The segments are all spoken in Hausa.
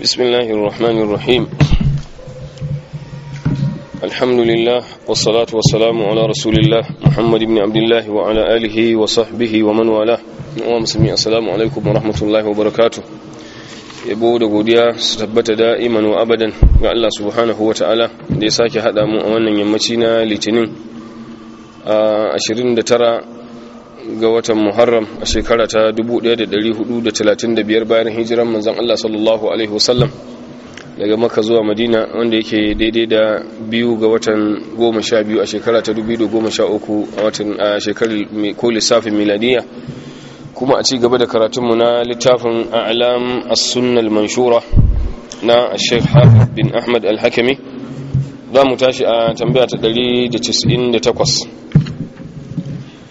بسم الله الرحمن الرحيم الحمد لله والصلاة والسلام على رسول الله محمد بن عبد الله وعلى آله وصحبه ومن والاه ومسلمين السلام عليكم ورحمة الله وبركاته yabo da godiya su tabbata da'iman wa abadan ga Allah subhanahu wa ta'ala da ya sake haɗa mu a wannan yammaci na litinin a 29 ga watan muharram a shekara ta 1435 bayan hijiran manzan Allah sallallahu alaihi wasallam daga maka zuwa madina wanda yake daidai da biyu ga watan goma sha biyu a shekara ta 2013 a watan a shekarar ko lissafin miladiya kuma a ci gaba da karatunmu na littafin a'lam as-sunnal manshura na sheikh hafiz bin ahmad al hakami za mu tashi a tambaya ta 198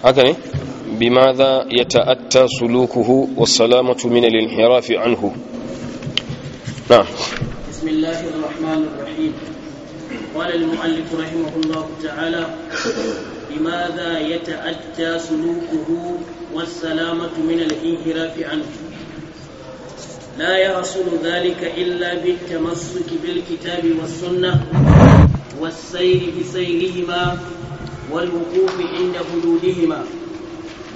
haka ne بماذا يتأتى سلوكه والسلامة من الانحراف عنه نعم بسم الله الرحمن الرحيم قال المؤلف رحمه الله تعالى بماذا يتأتى سلوكه والسلامة من الانحراف عنه لا يحصل ذلك إلا بالتمسك بالكتاب والسنة والسير بسيرهما والوقوف عند حدودهما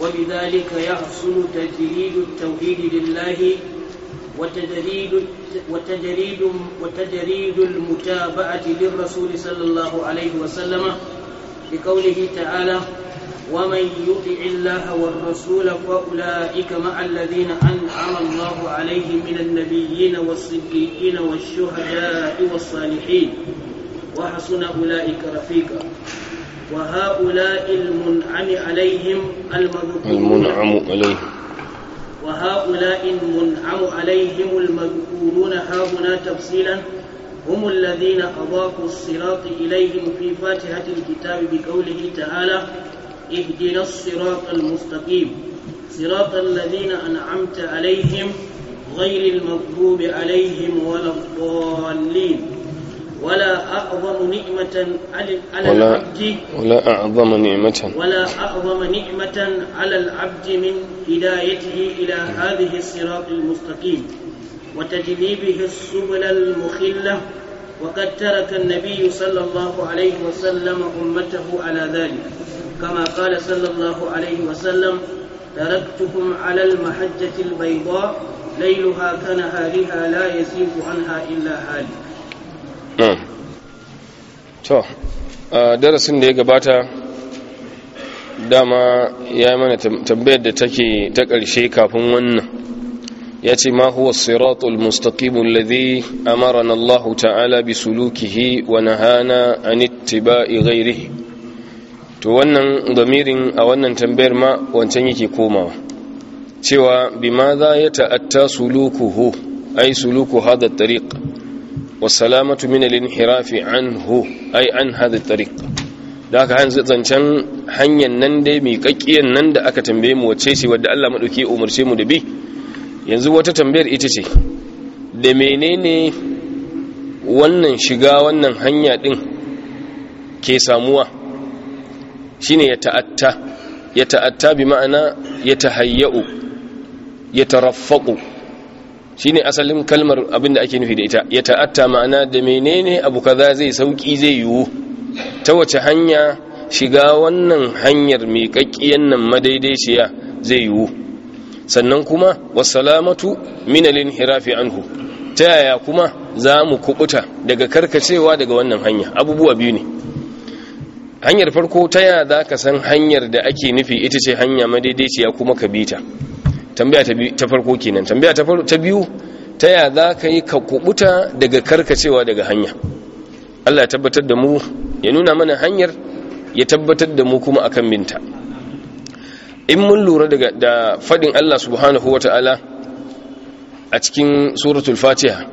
وبذلك يحصل تجريد التوحيد لله وتجريد وتجريد وتجريد المتابعة للرسول صلى الله عليه وسلم لقوله تعالى ومن يطع الله والرسول فأولئك مع الذين أنعم الله عليهم من النبيين والصديقين والشهداء والصالحين وحسن أولئك رفيقا وهؤلاء المنعم عليهم المذكورون المنعم عليهم وهؤلاء المنعم عليهم المذكورون هاهنا تفصيلا هم الذين أضافوا الصراط إليهم في فاتحة الكتاب بقوله تعالى اهدنا الصراط المستقيم صراط الذين أنعمت عليهم غير المغضوب عليهم ولا الضالين ولا أعظم نعمة على العبد ولا أعظم نعمة ولا أعظم نعمة على العبد من هدايته إلى هذه الصراط المستقيم وتجنيبه السبل المخلة وقد ترك النبي صلى الله عليه وسلم أمته على ذلك كما قال صلى الله عليه وسلم تركتكم على المحجة البيضاء ليلها كنهارها لا يزيغ عنها إلا هالك Mm. to darasin da ya gabata dama ya mana tambayar da take ta ƙarshe kafin wannan ya ce ma huwa siratul mustaqimu alladhi amarana Allah ta'ala bi sulukihi wa nahana an ittiba'i ghairihi to wannan damirin a wannan tambayar ma wancan yake komawa cewa bima za ya ta'atta sulukuhu ai suluku hada tariq wasalamatu min al-inhirafi anhu ai an hadha tariq da aka zancen hanyar nan dai mai nan da aka tambaye mu wacce ce wadda Allah madauki umarce mu da bi yanzu wata tambayar ita ce da menene wannan shiga wannan hanya din ke samuwa shine ya ta'atta ya ta'atta bi ma'ana ya tahayya'u ya taraffaqu shine asalin kalmar abin da ake nufi da ita ya ta'atta ma'ana da menene abu kaza zai sauki zai yiwu ta wace hanya shiga wannan hanyar mai miƙaƙƙiyan nan madaidaiciya zai yiwu sannan kuma wasalamatu minalin hirafi anhu ta yaya kuma za mu kubuta daga karkacewa daga wannan hanya abubuwa biyu ne hanyar farko ta yaya za ka san hanyar da ake nufi ita ce hanya madaidaiciya kuma ka bi ta tambaya ta farko kenan tambaya ta biyu ta ya za ka yi ka kubuta daga karkacewa daga hanya Allah ya tabbatar da mu ya nuna mana hanyar ya tabbatar da mu kuma akan binta in mun lura daga da fadin Allah subhanahu wata'ala a cikin suratul fatiha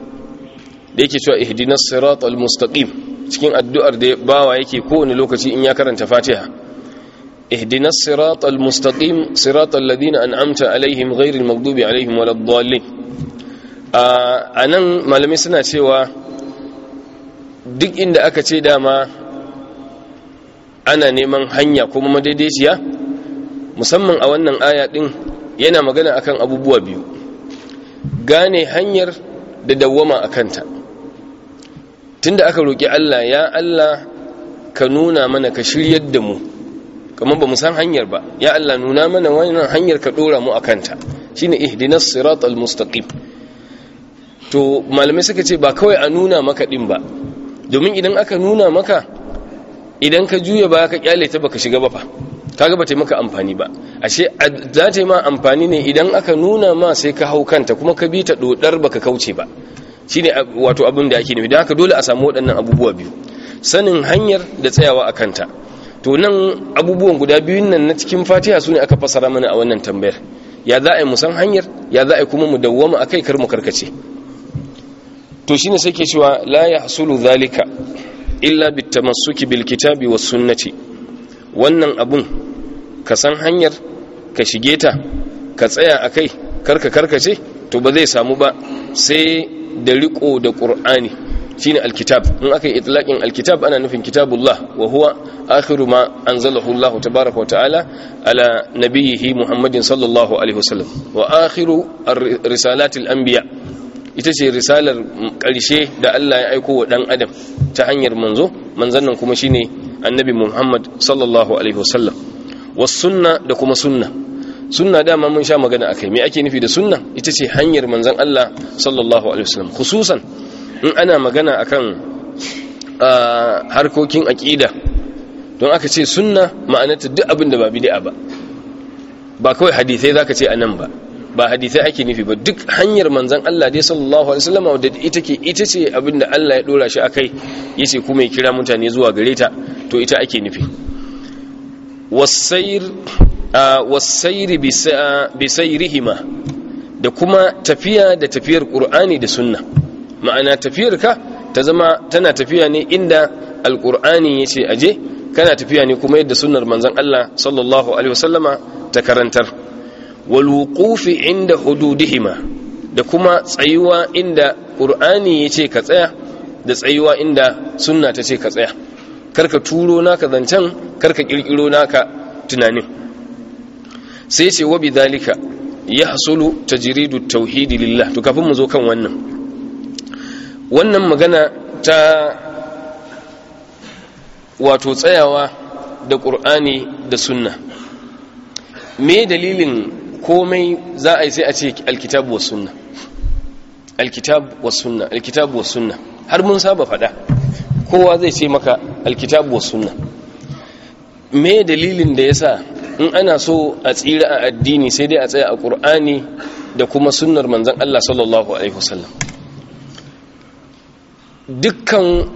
da yake cewa ihdinas siratal mustaqim cikin addu'ar da bawa yake kowane lokaci in ya karanta fatiha اهدنا siratal المستقيم صراط الذين أنعمت عليهم غير المغضوب عليهم ولا الضالين anan malamai suna cewa duk inda aka ce dama ana neman hanya kuma madaidaiciya musamman a wannan aya din yana magana akan abubuwa biyu gane hanyar da dawwama a kanta tunda aka roƙi Allah ya Allah ka nuna mana ka shiryar da mu kamar ba mu san hanyar ba ya Allah nuna mana wannan hanyar ka dora mu akanta shine ihdinas siratal mustaqim to malamai suka ce ba kawai a nuna maka din ba domin idan aka nuna maka idan ka juya ba ka kyale ta baka shiga ba fa kaga bata maka amfani ba ashe za ta yi ma amfani ne idan aka nuna ma sai ka hau kanta kuma ka bi ta dodar baka kauce ba shine wato abin da ake nufi don haka dole a samu waɗannan abubuwa biyu sanin hanyar da tsayawa a kanta to nan abubuwan guda biyun nan na cikin fatiha su ne aka fasara mana a wannan tambayar ya za a yi musan hanyar ya za a yi kuma mu dawwama kai kar mu karkace to shine sai ke cewa la ya hasulu, zalika illa tamassuki bil kitabi was sunnati wannan abun ka san hanyar ka shige ta ka tsaya akai karka karkace to ba zai samu ba sai da riko da qur'ani shine alkitab in aka yi itlaqin alkitab ana nufin kitabullah wa huwa akhiru ma anzalahu Allah tabaaraka wa ta'ala ala nabiyhi Muhammadin sallallahu alaihi wasallam wa akhiru risalatil anbiya ita ce risalar karshe da Allah ya aiko wa dan adam ta hanyar manzo manzon nan kuma shine annabi Muhammad sallallahu alaihi wasallam was sunna da kuma sunna sunna dama mun sha magana akai me ake nufi da sunna ita ce hanyar manzon Allah sallallahu alaihi wasallam khususan in ana magana akan harkokin aƙida don aka ce sunna ma'anata duk abin da ba bid'a ba ba kawai hadisai ka ce a nan ba ba hadisai ake nufi ba duk hanyar manzan Allah dai sallallahu alaihi wasallam wadda ita ke ita ce abin da Allah ya dora shi akai yace kuma ya kira mutane zuwa gare ta to ita ake nufi wasair wasair bisairihima da kuma tafiya da tafiyar qur'ani da sunna ma'ana tafiyarka ta zama tana tafiya ne inda alkur'ani ya ce aje kana tafiya ne kuma yadda sunar manzan Allah sallallahu alaihi wasallama ta karantar Walwukufi inda hududihima da kuma tsayuwa inda Ƙur'ani ya ce ka tsaya da tsayuwa inda sunna ta ce ka tsaya karka turo naka zancen karka kirkiro naka tunanin sai ce ya hasulu ta jiridu tauhidi lillah to kafin mu zo kan wannan wannan magana ta wato tsayawa da ƙur'ani da sunna me dalilin komai za a yi sai a ce alkitab wa sunna alkitab wa sunna alkitab wa sunna har mun saba faɗa kowa zai ce maka alkitab wa sunna me dalilin da yasa in ana so a tsira a addini sai dai a tsaya a ƙur'ani da kuma sunnar manzon Allah sallallahu alaihi wasallam dukkan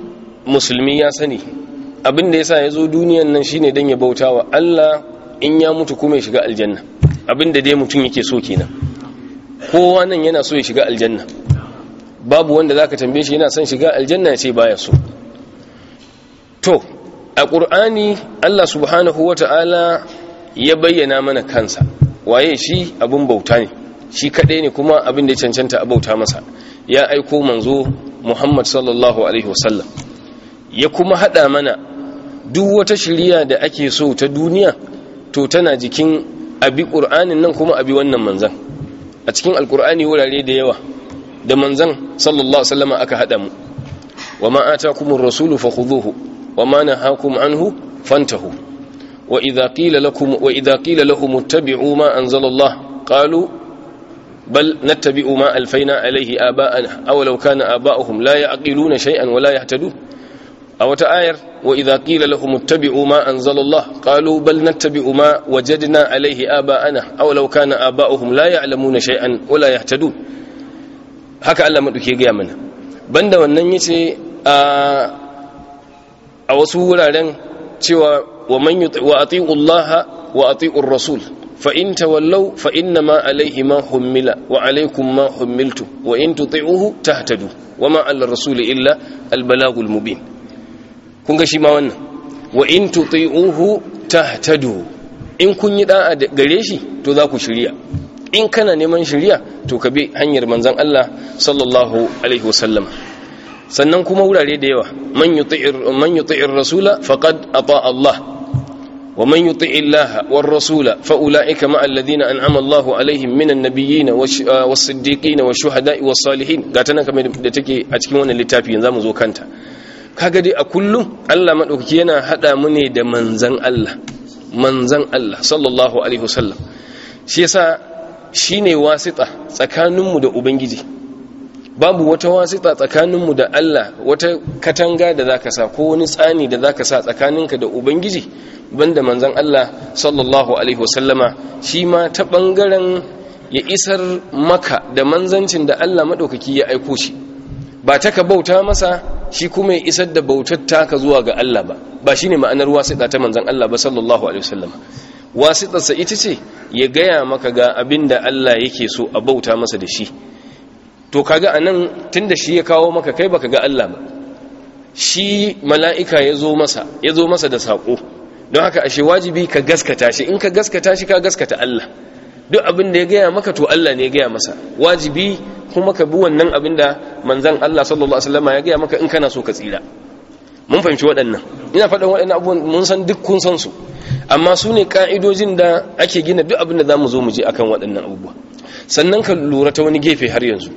musulmi ya sani abin da sa ya zo duniyan nan shine dan ya bauta wa Allah in ya mutu kuma ya shiga aljanna abin da dai mutum yake so kenan kowa nan yana so ya shiga aljanna babu wanda zaka tambaye shi yana son shiga aljanna ya ce baya so to a ƙur'ani Allah subhanahu ta'ala ya bayyana mana kansa waye shi abin bauta ne shi kaɗai ne kuma abin da ya cancanta a bauta masa ya aiko manzo muhammad sallallahu alaihi wasallam ya kuma haɗa mana duk wata shiriya da ake so ta duniya to tana jikin abi ƙur'anin nan kuma abi wannan manzan a cikin alƙur'ani wurare da yawa da manzan sallallahu alaihi aka haɗa mu wa ma kuma rasulu huzuhu? wa ma nahakum anhu fantahu wa idza kila lakum wa idza ƙalu bal nattabi'u ma alfaina alaihi aba'ana aw law kana aba'uhum la ya'qiluna shay'an wa la yahtadun a wata ayar wa idza qila lahum ittabi'u ma anzalallah qalu bal nattabi'u ma wajadna alaihi aba'ana aw law kana aba'uhum la ya'lamuna shay'an wa la yahtadun haka Allah maduke ga mana banda wannan yace a a wasu wuraren cewa wa man yuti wa ati'u Allah rasul Fa'inta wallau tawallaw fa inna ma alayhi ma hummila wa alaykum ma hummiltum wa in tuti'uhu tahtadu wa ma ala rasul illa al balagul mubin kun ga shi ma wannan wa in tuti'uhu tahtadu in kun yi da'a gare shi to za ku shirya in kana neman shirya to ka bi hanyar manzon Allah sallallahu alaihi wasallam sannan kuma wurare da yawa man yuti'ir rasula faqad ata Allah ومن يطع الله والرسول فأولئك مع الذين أنعم الله عليهم من النبيين والصديقين والشهداء والصالحين قاتنا كما تكي أتكمون اللتابين ذا مزو كانت كاقدي أكل ألا مدوكينا حتى مني دا منزن الله منزن الله صلى الله عليه وسلم شيسا shine wasita tsakaninmu da ubangiji babu wata wasita tsakaninmu da Allah wata katanga da za ka sa ko wani tsani da za ka sa tsakaninka da ubangiji banda manzan Allah sallallahu alaihi wasallama shi ma ta ɓangaren ya isar maka da manzancin da Allah maɗaukaki ya aiko shi ba ta ka bauta masa shi kuma ya isar da bautar taka zuwa ga Allah ba ba shi ne ma'anar wasita ta manzan Allah ba sallallahu alaihi wasallama wasitarsa ita ce ya gaya maka ga abin da Allah yake so a bauta masa da shi to kaga anan tunda shi ya kawo maka kai baka ga Allah ba shi mala'ika ya zo masa ya zo masa da sako don haka ashe wajibi ka gaskata shi in ka gaskata shi ka gaskata Allah duk abin da ya gaya maka to Allah ne ya gaya masa wajibi kuma ka bi wannan abin da manzon Allah sallallahu alaihi wasallam ya gaya maka in kana so ka tsira mun fahimci waɗannan ina faɗin waɗannan abubuwan mun san duk kun san su amma su ne ƙa'idojin da ake gina duk abin da za mu zo mu je akan waɗannan abubuwa sannan ka lura ta wani gefe har yanzu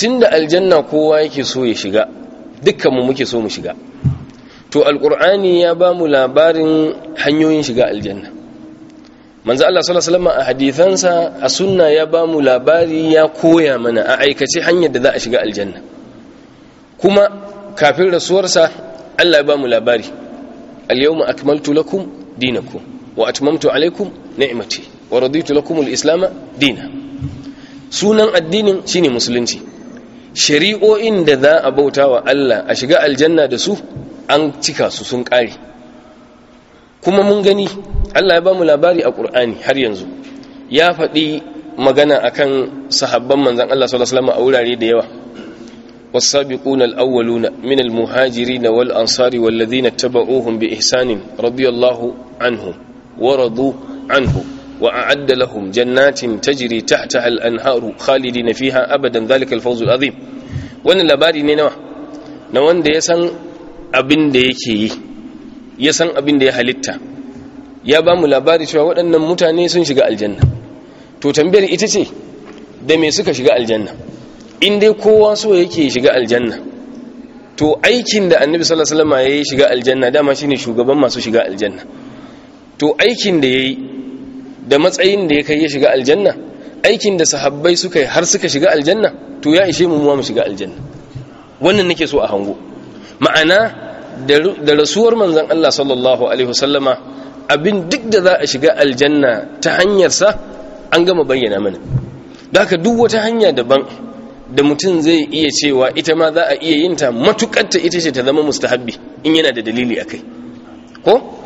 tunda aljanna kowa yake so ya shiga dukkanmu muke so mu shiga to alkur'ani ya ba mu labarin hanyoyin shiga aljanna manzo Allah sallallahu alaihi wasallam a hadithansa a sunna ya ba mu labari ya koya mana a aikace hanyar da za a shiga aljanna kuma kafin rasuwarsa Allah ya ba mu labari al-yawma akmaltu lakum dinakum wa atmamtu alaykum ni'mati wa raditu lakum al-islam dinan sunan addinin shine musulunci shari'o'in da za a bauta wa Allah a shiga aljanna da su an cika su sun ƙare kuma mun gani Allah ya ba mu labari a ƙur'ani har yanzu ya faɗi magana akan sahabban manzan Allah sallallahu a wurare da yawa والسابقون الأولون من المهاجرين والأنصار والذين اتبعوهم بإحسان رضي الله عنهم ورضوا عنه وأعد لهم جنات تجري تحتها الأنهار خالدين nafiha, abadan, zalikal الفوز azim Wani labari ne nawa na wanda ya san abin da yake yi ya san abin da ya halitta ya ba mu labari cewa waɗannan mutane sun shiga aljanna to tambayar ita ce da me suka shiga aljanna in dai kowa so yake shiga aljanna to aikin da annabi sallallahu alaihi wasallam ya yi shiga aljanna dama shine shugaban masu shiga aljanna to aikin da yayi da matsayin da ya kai ya shiga aljanna aikin da sahabbai suka yi har suka shiga aljanna to ya ishe mu mu shiga aljanna wannan nake so a hango ma'ana da rasuwar manzon Allah sallallahu alaihi wasallama abin duk da za a shiga aljanna ta hanyar sa an gama bayyana mana da haka duk wata hanya daban da mutum zai iya cewa ita ma za a iya yin ta matukar ta ita ce ta zama mustahabbi in yana da dalili akai ko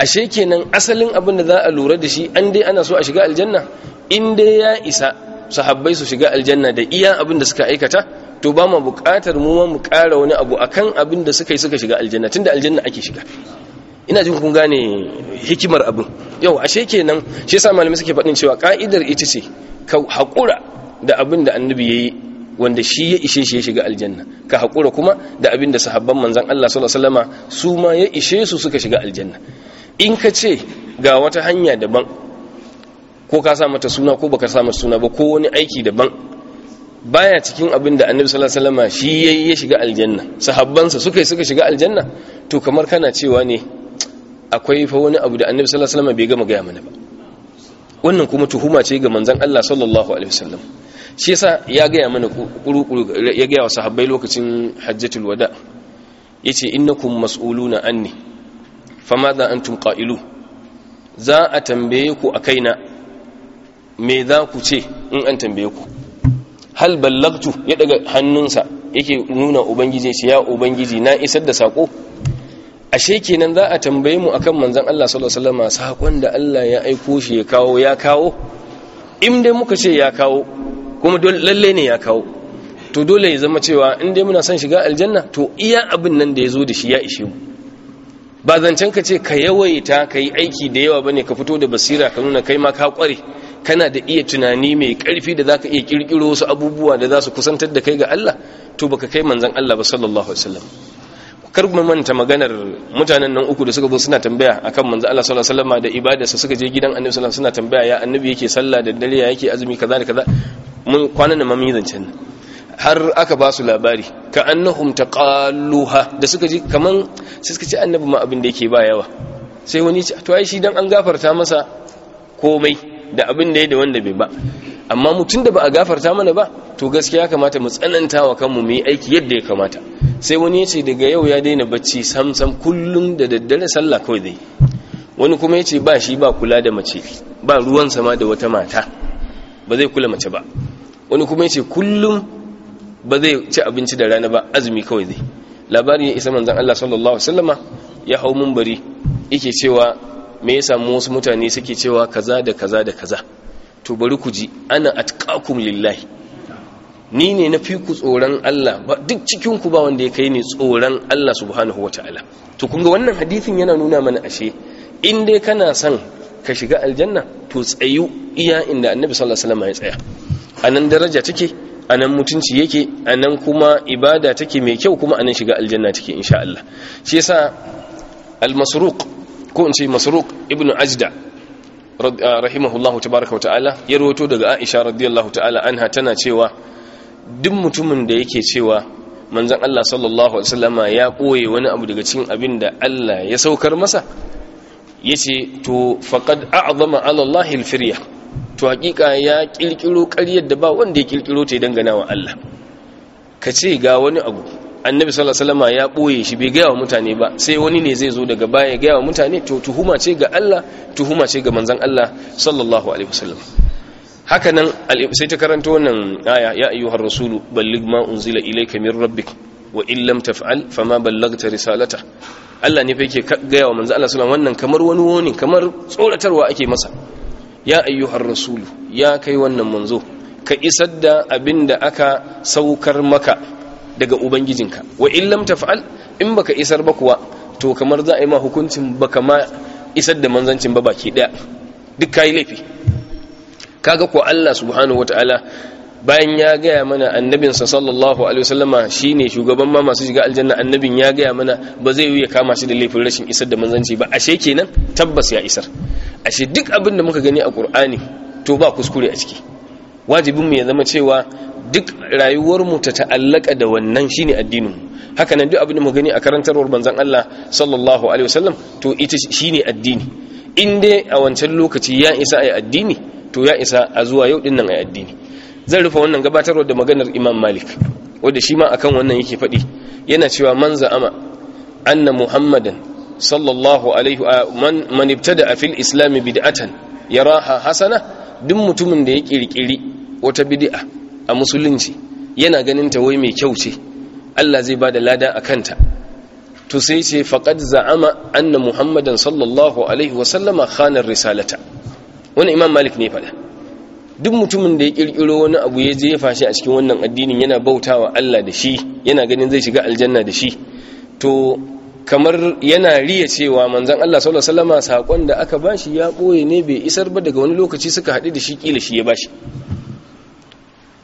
ashe kenan asalin abin da za a lura da shi an dai ana so a shiga aljanna in dai ya isa sahabbai su shiga aljanna da iya abin da suka aikata to ba mu buƙatar mu mu ƙara wani abu akan abin da suka yi suka shiga aljanna tunda aljanna ake shiga ina jin kun gane hikimar abin yau ashe kenan shi yasa malamai suke faɗin cewa ka'idar ita ce ka haƙura da abin da annabi yayi wanda shi ya ishe shi ya shiga aljanna ka haƙura kuma da abin da sahabban manzon Allah sallallahu alaihi wasallama su ma ya ishe su suka shiga aljanna in ka ce ga wata hanya daban ko ka sa mata suna ko baka sa mata suna ba ko wani aiki daban baya cikin abin da annabi sallallahu alaihi wasallam shi yayi ya shiga aljanna sahabbansa suka yi suka shiga aljanna to kamar kana cewa ne akwai fa wani abu da annabi sallallahu alaihi wasallam bai gama gaya mana ba wannan kuma tuhuma ce ga manzon Allah sallallahu alaihi wasallam shi yasa ya gaya mana kuru ya gaya wa sahabbai lokacin hajjatul wada yace innakum mas'uluna anni fama za an tunƙa'ilu za a tambaye ku a kaina me za ku ce in an tambaye ku hal ballagtu ya daga hannunsa yake nuna ubangiji ce ya ubangiji na isar da sako ashe kenan za a tambaye mu akan manzon Allah sallallahu alaihi da Allah ya aiko shi ya kawo ya kawo in muka ce ya kawo kuma lalle ne ya kawo to dole ya zama cewa in dai muna son shiga aljanna to iya abin nan da ya zo da shi ya ishe mu ba zancen ka ce ka yawaita ka yi aiki da yawa bane ka fito da basira ka nuna kai ma ka kware kana da iya tunani mai karfi da zaka iya kirkiro wasu abubuwa da za su kusantar da kai ga Allah to baka kai manzon Allah ba sallallahu alaihi wasallam kar mu manta maganar mutanen nan uku da suka zo suna tambaya akan manzo Allah sallallahu alaihi wasallam da ibadarsa suka je gidan Annabi sallallahu alaihi wasallam suna tambaya ya Annabi yake sallah da dare ya yake azumi kaza da kaza mun kwanan nan mamin zancen har aka ba su labari ka annahum taqalluha da suka ji kaman sai suka ce annabi ma abin da yake ba yawa sai wani ce to ai shi dan an gafarta masa komai da abin da ya da wanda bai ba amma mutum da ba a gafarta mana ba to gaskiya kamata mu tsananta wa kanmu mu yi aiki yadda ya kamata sai wani ya ce daga yau ya daina bacci samsam kullum da daddare sallah kawai zai wani kuma ya ce ba shi ba kula da mace ba ruwan sama da wata mata ba zai kula mace ba wani kuma ya ce kullum ba zai ci abinci da rana ba azumi kawai zai labari ya isa manzan Allah sallallahu alaihi wasallama ya hau bari. yake cewa me ya samu wasu mutane suke cewa kaza da kaza da kaza to bari ku ji ana atqakum lillahi ni ne na fi ku tsoron Allah ba duk cikin ku ba wanda ya kai ni tsoron Allah subhanahu wataala to kun ga wannan hadisin yana nuna mana ashe in dai kana son ka shiga aljanna to tsayu iya inda annabi sallallahu alaihi wasallam ya tsaya A nan daraja take anan mutunci yake anan kuma ibada take mai kyau kuma anan shiga aljanna take insha Allah shi yasa al-masruq ko in ce masruq ibnu ajda ah, rahimahullahu tabaaraka wa ta'ala ya rawato daga Aisha radiyallahu ta'ala anha tana cewa duk mutumin da yake cewa manzon Allah sallallahu alaihi wasallama ya koye wani abu daga cikin abin da Allah ya saukar masa yace to faqad a'zama ala Allah al to hakika ya kirkiro ƙaryar da ba wanda ya kirkiro ta dangana wa Allah ka ce ga wani abu annabi sallallahu alaihi ya boye shi bai gaya wa mutane ba sai wani ne zai zo daga baya gaya wa mutane to tuhuma ce ga Allah tuhuma ce ga manzon Allah sallallahu alaihi wasallam haka nan sai ta karanto wannan aya ya ayyuhar rasulu balligh ma unzila ilayka min rabbik wa in lam taf'al fama ballaghta risalata Allah ne fa yake gaya wa manzon Allah sallallahu alaihi wasallam wannan kamar wani woni kamar tsoratarwa ake masa ya ayyuhar rasulu ya kai wannan manzo ka isar da abin da aka saukar maka daga ubangijinka wa illam taf'al in baka isar ba kuwa to kamar za a yi ma hukuncin baka ma isar da manzancin ba baki daya duk kayi laifi kaga ko Allah subhanahu wataala bayan ya gaya mana annabinsa sallallahu alaihi wasallama shine shugaban ma masu shiga aljanna annabin ya gaya mana ba zai yi ya kama shi da laifin rashin isar da manzanci ba ashe kenan tabbas ya isar ashe duk abin da muka gani a qur'ani to ba kuskure a ciki wajibin mu ya zama cewa duk rayuwar mu ta ta'allaka da wannan shine addinin haka nan duk abin da muka gani a karantarwar manzon Allah sallallahu alaihi wasallam to ita shine addini in dai a wancan lokaci ya isa ai addini to ya isa a zuwa yau din nan ai addini zan rufe wannan gabatarwa da maganar imam malik wadda shi ma akan wannan yake faɗi yana cewa man za'ama anna muhammadan sallallahu alaihi man man ibtada fil islam bid'atan yaraha hasana duk mutumin da ya kirkiri wata bid'a a musulunci yana ganin ta wai mai kyau ce Allah zai bada lada akan ta to sai ce faqad za'ama anna muhammadan sallallahu alaihi wa sallama khana risalata wannan imam malik ne faɗa duk mutumin da ya kirkiro wani abu ya jefa shi a cikin wannan addinin yana bautawa Allah da shi yana ganin zai shiga aljanna da shi to kamar yana riya cewa manzon Allah sallallahu alaihi wasallam sakon da aka bashi ya boye ne bai isar ba daga wani lokaci suka haɗu da shi kila shi ya bashi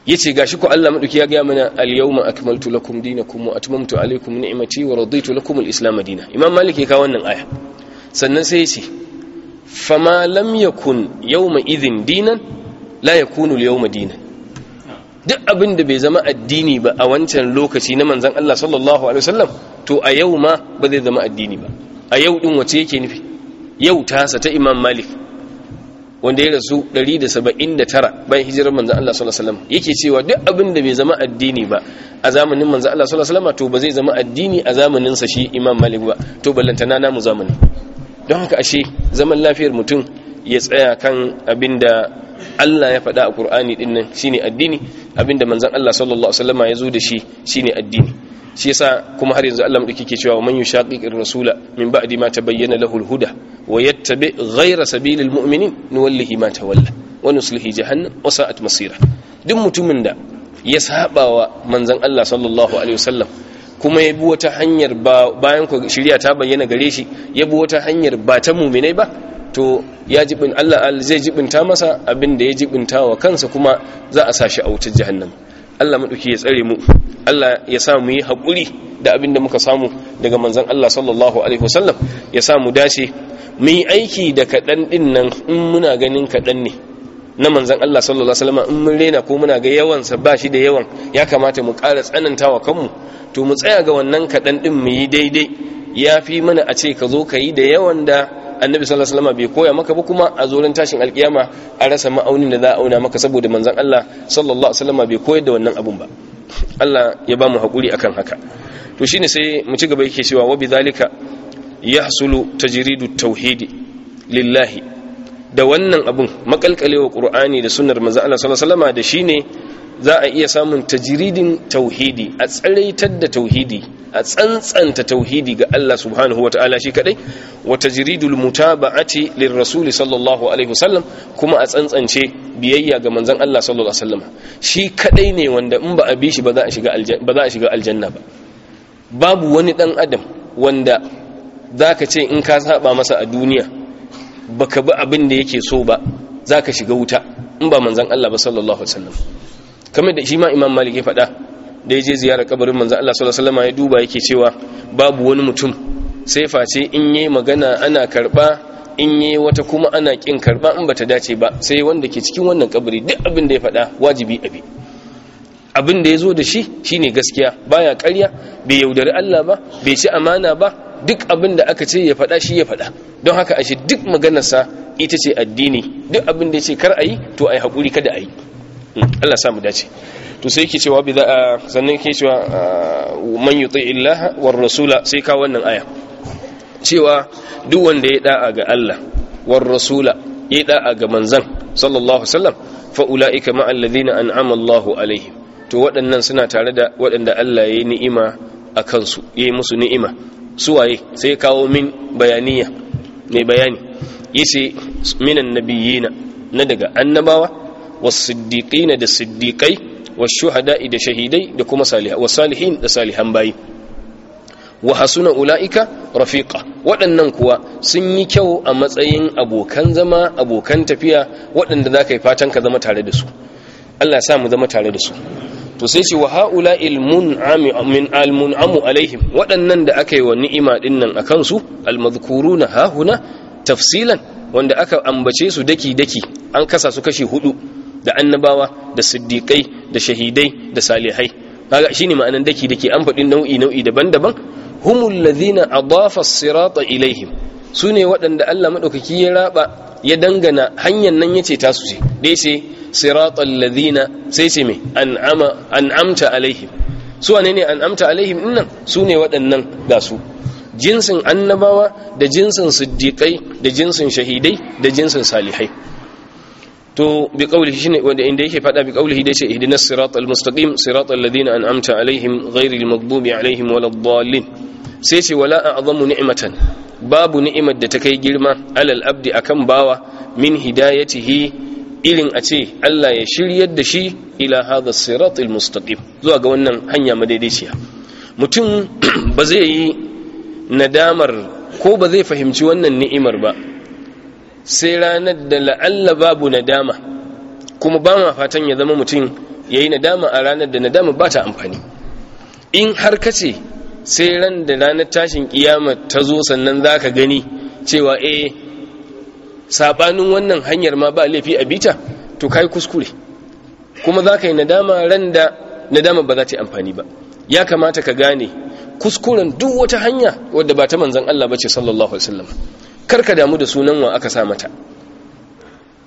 yace gashi ko Allah madauki ya ga mana al-yawma akmaltu lakum dinakum wa atmamtu alaykum ni'mati wa raditu lakum al-islam dinan imam malik ya kawo wannan aya sannan sai yace fama lam yakun yawma idhin dinan la yakunu al-yawma dina duk abin da bai zama addini ba a wancan lokaci na manzan Allah sallallahu alaihi wasallam to a yau ma ba zai zama addini ba a yau din wace yake nufi yau tasa ta Imam Malik wanda ya rasu 179 bayan hijirar manzan Allah sallallahu alaihi wasallam yake cewa duk abin da bai zama addini ba a zamanin manzan Allah sallallahu alaihi wasallam to ba zai zama addini a zamanin sa shi Imam Malik ba to ballantana namu zamani don haka ashe zaman lafiyar mutum ya tsaya kan abinda Allah ya faɗa a Qur'ani din nan ne addini abinda manzon Allah sallallahu alaihi ya zo da shi shi ne addini shi yasa kuma har yanzu Allah mu ke cewa man yushaqiqir rasula min ba'di ma ta bayyana al-huda wa yattabi ghayra sabilil mu'minin nuwallihi ma tawalla wa nuslihi jahannam wa sa'at masira duk mutumin da ya saba wa manzon Allah sallallahu alaihi wasallam kuma ya bi wata hanyar bayan ku shirya ta bayyana gare shi ya bi wata hanyar ba ta muminai ba to ya jibin Allah zai jibinta masa abinda da ya jibinta wa kansa kuma za a sashi a wutar jahannam Allah maɗauki ya tsare mu Allah ya sa mu yi haƙuri da abinda muka samu daga manzon Allah sallallahu alaihi wasallam ya sa mu dace mu yi aiki da kaɗan ɗin nan in muna ganin kaɗan ne na manzan Allah sallallahu alaihi wasallam in mun rena ko muna ga yawan ba shi da yawan ya kamata mu ƙara tsanantawa kanmu to mu tsaya ga wannan kaɗan ɗin mu yi daidai ya fi mana a ce ka zo ka yi da yawan da annabi sallallahu alaihi wasallam bai koya maka ba kuma a zorin tashin alkiyama a rasa ma'aunin da za a auna maka saboda manzon Allah sallallahu alaihi wasallam bai koyar da wannan abun ba Allah ya ba mu hakuri akan haka to shine sai mu ci gaba yake cewa wa zalika yahsulu tajridu tauhidi lillahi da wannan abun makalkalewa qur'ani da sunnar manzon Allah sallallahu alaihi wasallam da shine za a iya samun tajiridin tauhidi a tsaraitar da tauhidi a tsantsanta tauhidi ga Allah subhanahu wa ta'ala shi kadai wa tajridul mutaba'ati rasuli sallallahu alaihi wasallam kuma a tsantsance biyayya ga manzon Allah sallallahu alaihi wasallam shi kadai ne wanda in ba a bi shi ba za a shiga aljanna ba za a shiga aljanna ba babu wani dan adam wanda zaka ce in ka saba masa a duniya baka bi abin da yake so ba zaka shiga wuta in ba manzon Allah ba sallallahu alaihi wasallam kamar da shi ma imam malik ya faɗa da ya je ziyarar kabarin manzo Allah sallallahu alaihi wasallam ya duba yake cewa babu wani mutum sai face in yi magana ana karba in yi wata kuma ana kin karba in bata dace ba sai wanda ke cikin wannan kabari duk abin da ya faɗa wajibi abi abin da ya zo da shi shine gaskiya baya ƙarya bai yaudari Allah ba bai ci amana ba duk abin da aka ce ya faɗa shi ya faɗa don haka ashe duk maganarsa ita ce addini duk abin da ya ce kar a yi to a yi haƙuri kada a yi Allah samu dace to sai yake cewa bid'a sannan yake cewa man yuti illah war rasula sai ka wannan aya cewa duk wanda ya da'a ga Allah war rasula ya da'a ga manzan sallallahu alaihi fa ulaika ma alladhina an'ama Allahu alaihim to waɗannan suna tare da waɗanda Allah ya yi ni'ima a kansu ya yi musu ni'ima suwaye sai kawo min bayaniya mai bayani yace minan nabiyina na daga annabawa wasiddiqina da siddiqai washuhada'i da shahidai da kuma salihin da salihan bayi wa hasuna ula'ika rafiqa waɗannan kuwa sun yi kyau a matsayin abokan zama abokan tafiya waɗanda za ka yi fatan ka zama tare da su Allah sa mu zama tare da su to sai ce wa ha'ula min almun'amu alaihim waɗannan da aka yi wa ni'ima ɗin nan a kansu almadhkuruna hahuna tafsilan wanda aka ambace su daki daki an kasa su kashi hudu da annabawa da siddiƙai da shahidai da salihai kaga shine ma'anan daki dake an faɗi nau'i nau'i daban-daban humul ladhina adafa as-sirata ilaihim sune waɗanda Allah madaukaki ya raba ya dangana hanyar nan yace su ce dai sai siratal ladhina sai sai me an'ama an'amta alaihim su wane ne an'amta alaihim dinnan sune waɗannan ga su jinsin annabawa da jinsin siddiƙai da jinsin shahidai da jinsin salihai to bi qawlihi shine wanda inda yake fada bi qawlihi dai ce ihdinas siratal mustaqim siratal ladina an'amta alaihim ghairil maghdubi alaihim waladdallin sai ce wala a'zamu ni'matan babu ni'imar da takai girma alal abdi akan bawa min hidayatihi ilin a ce Allah ya shiryar da shi ila hadha siratal mustaqim zuwa ga wannan hanya madaidaiciya mutum ba zai yi nadamar ko ba zai fahimci wannan ni'imar ba sai ranar da la'alla babu nadama kuma ba ma fatan ya zama mutum ya yi nadama a ranar da nadama ba ta amfani in har ka ce sai ran da ranar tashin kiyama ta zo sannan za ka gani cewa e, saɓanin wannan hanyar ma ba laifi a bita to ka kuskure kuma za ka yi nadama ran da nadama ba za ta yi amfani ba ya kamata ka gane kuskuren duk wata hanya wadda ba ta manzan Allah ba ce sallallahu alaihi wasallam karka damu da sunan wa aka sa mata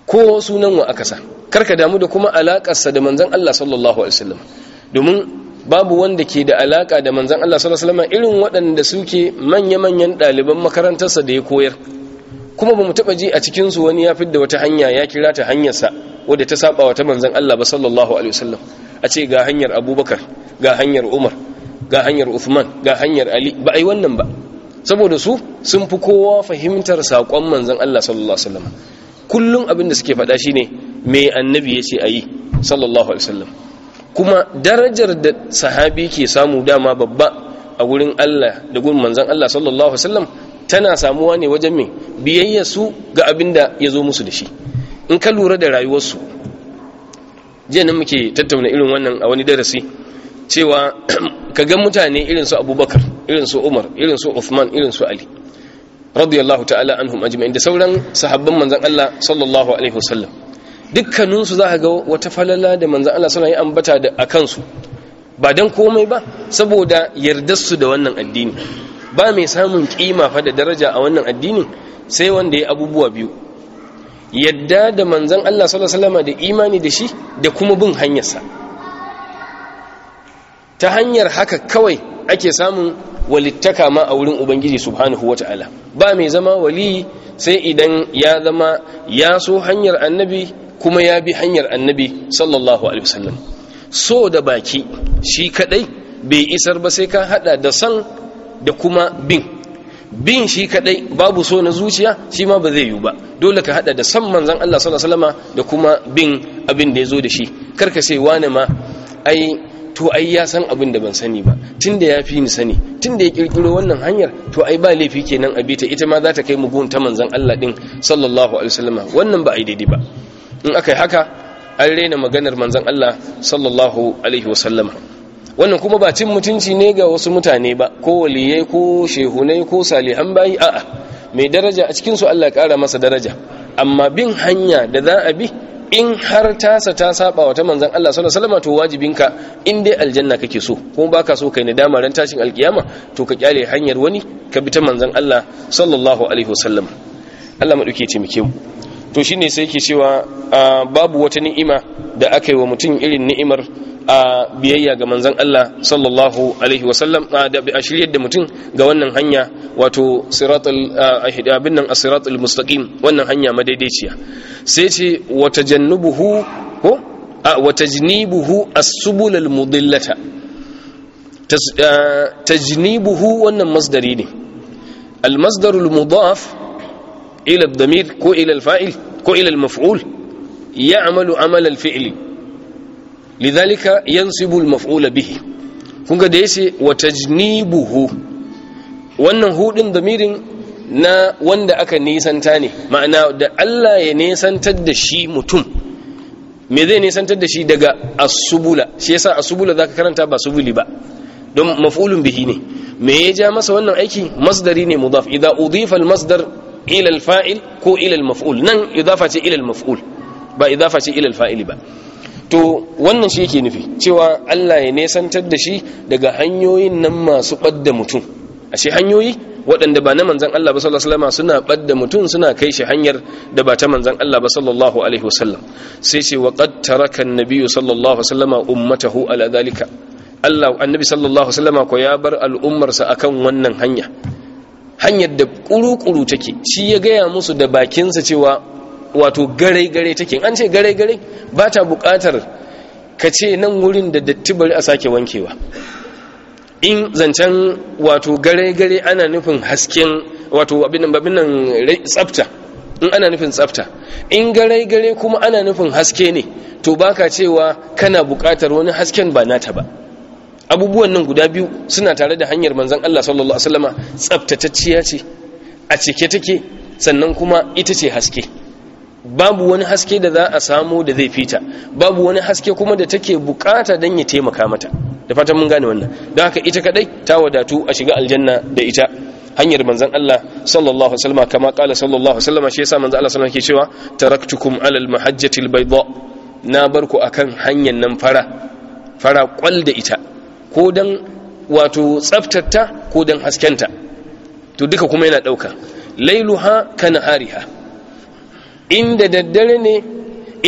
ko sunan wa aka sa karka damu da kuma alaƙarsa da manzan Allah sallallahu alaihi wasallam domin babu wanda ke da alaƙa da manzan Allah sallallahu alaihi wasallam irin waɗanda suke manya-manyan ɗaliban makarantarsa da ya koyar kuma ba mu taɓa ji a cikinsu wani ya fidda wata hanya ya kira ta hanyarsa wadda ta saba wa ta manzan Allah ba sallallahu alaihi wasallam a ce ga hanyar abubakar ga hanyar umar ga hanyar uthman ga hanyar ali ba a yi wannan ba saboda su sun fi kowa fahimtar saƙon manzan Allah sallallahu alaihi wasallam kullum abin da suke faɗa ne, me annabi ya ce a yi? sallallahu alaihi wasallam kuma darajar da sahabi ke samu dama babba a wurin Allah da gurin manzan Allah sallallahu alaihi wasallam tana samuwa ne wajen mai biyayya su ga abin da ya zo musu da shi in ka lura da rayuwarsu jiya nan muke tattauna irin wannan a wani darasi cewa ka ga mutane irin su abubakar irin su umar irin su uthman irin su ali radiyallahu ta'ala anhum ajma'in da sauran sahabban manzon Allah sallallahu alaihi wasallam dukkanin su zaka ga wata falala da manzon Allah sallallahu alaihi ambata da akan su ba dan komai ba saboda yardar su da wannan addini ba mai samun kima fa da daraja a wannan addinin sai wanda ya abubuwa biyu yadda da manzon Allah sallallahu alaihi wasallam da imani da shi da kuma bin hanyarsa ta hanyar haka kawai ake samun walittaka ma a wurin ubangiji subhanahu wata'ala ba mai zama wali sai idan ya zama ya so hanyar annabi kuma ya bi hanyar annabi sallallahu alaihi wasallam so da baki shi kadai bai isar ba sai ka hada da san da kuma bin bin shi kadai babu so na zuciya shi ma ba zai yi ba dole ka hada da san manzon Allah sallallahu alaihi wasallama da kuma bin abin da ya zo da shi karka sai wane ma ai to ai ya san abin da ban sani ba tun da ya fi ni sani tun da ya kirkiro wannan hanyar to ai ba laifi kenan a bita ita ma za ta kai mu gun ta manzan Allah din sallallahu alaihi wasallam wannan ba ai daidai ba in akai haka an rena maganar manzan Allah sallallahu alaihi wasallam wannan kuma ba cin mutunci ne ga wasu mutane ba ko waliyai ko shehunai ko salihan bayi a'a mai daraja a cikin su Allah ya kara masa daraja amma bin hanya da za a bi in har tasa ta saba wa ta manzan Allah sallallahu alaihi wasallam to wajibinka in dai aljanna kake so kuma baka so kai nadama ran tashin alkiyama to ka kyale hanyar wani ka bi ta manzan Allah sallallahu alaihi wasallam Allah madauke ce muke mu to shine sai yake cewa babu wata ni'ima da aka yi wa mutum irin ni'imar a biyayya ga manzon Allah sallallahu alaihi wasallam a shiryar da mutum ga wannan hanya wato siratul abin nan as-siratul mustaqim wannan hanya madaidaiciya sai ce wa jannubuhu ko a tajnibuhu as-subul al-mudillata tajnibuhu wannan masdari ne al-masdarul mudaf ila damir ko ila alfa'il ko ila almaf'ul ya'malu amal alfi'l yan yansibu almaf'ul bihi kun ga da yace wa buhu wannan hudin damirin na wanda aka nisanta ne ma'ana da Allah ya nisantar da shi mutum me zai nisantar da shi daga subula shi yasa asubula zaka karanta ba subuli ba don maf'ulun bihi ne me ya ja masa wannan aiki masdari ne mudaf idza udifa al-masdar ilal fa'il ko ilal maf'ul nan idafa ce ilal maf'ul ba idafa ce ilal fa'ili ba to wannan shi yake nufi cewa Allah ya nesantar da shi daga hanyoyin nan masu badda mutum ashe hanyoyi waɗanda ba na manzan Allah ba sallallahu alaihi wasallam suna badda mutum suna kai shi hanyar da ba ta manzan Allah ba sallallahu alaihi wasallam sai ce wa qad taraka an-nabiyyu sallallahu alaihi wasallam ummatahu ala dhalika Allah annabi sallallahu alaihi wasallam ko ya bar al'ummarsa akan wannan hanya hanyar da ƙuruƙuru take shi ya gaya musu da bakinsa cewa wato gare-gare take an ce gare-gare ba ta buƙatar ka ce nan wurin da datti bari a sake wankewa in zancen wato gare-gare ana nufin hasken wato abin nan tsafta in ana nufin tsafta in gare-gare kuma ana nufin haske ne to ba ka cewa kana buƙatar wani hasken ba nata ba abubuwan nan guda biyu suna tare da hanyar manzan Allah sallallahu alaihi wasallama tsaftatacciya ce a cike take sannan kuma ita ce haske babu wani haske da za a samu da zai fita babu wani haske kuma da take bukata don ya taimaka mata da fatan mun gane wannan don haka ita kadai ta wadatu a shiga aljanna da ita hanyar manzan Allah sallallahu alaihi wasallam kama kala sallallahu alaihi shi yasa manzon Allah sallallahu ke cewa taraktukum alal mahajjatil bayda na barku akan hanyar nan fara fara kwal da ita ko don wato tsaftarta ko don haskenta to duka kuma yana ɗauka lailuha ka nahariha inda daddare ne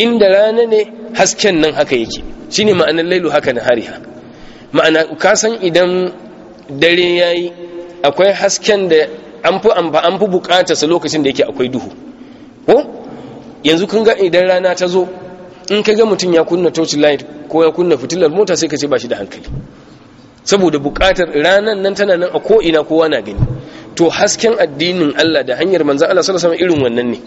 inda rana ne hasken nan haka yake shine ma'anar lailuha ka nahariha ma'ana ka san idan dare yayi akwai hasken da an fi an fi lokacin da yake akwai duhu ko yanzu kun ga idan rana ta zo in ka ga mutum ya kunna torchlight ko ya kunna fitilar mota sai ka ce ba shi da hankali saboda bukatar ranan nan tana nan a ko'ina kowa na gani to hasken addinin Allah da hanyar manzan Allah sallallahu alaihi irin wannan ne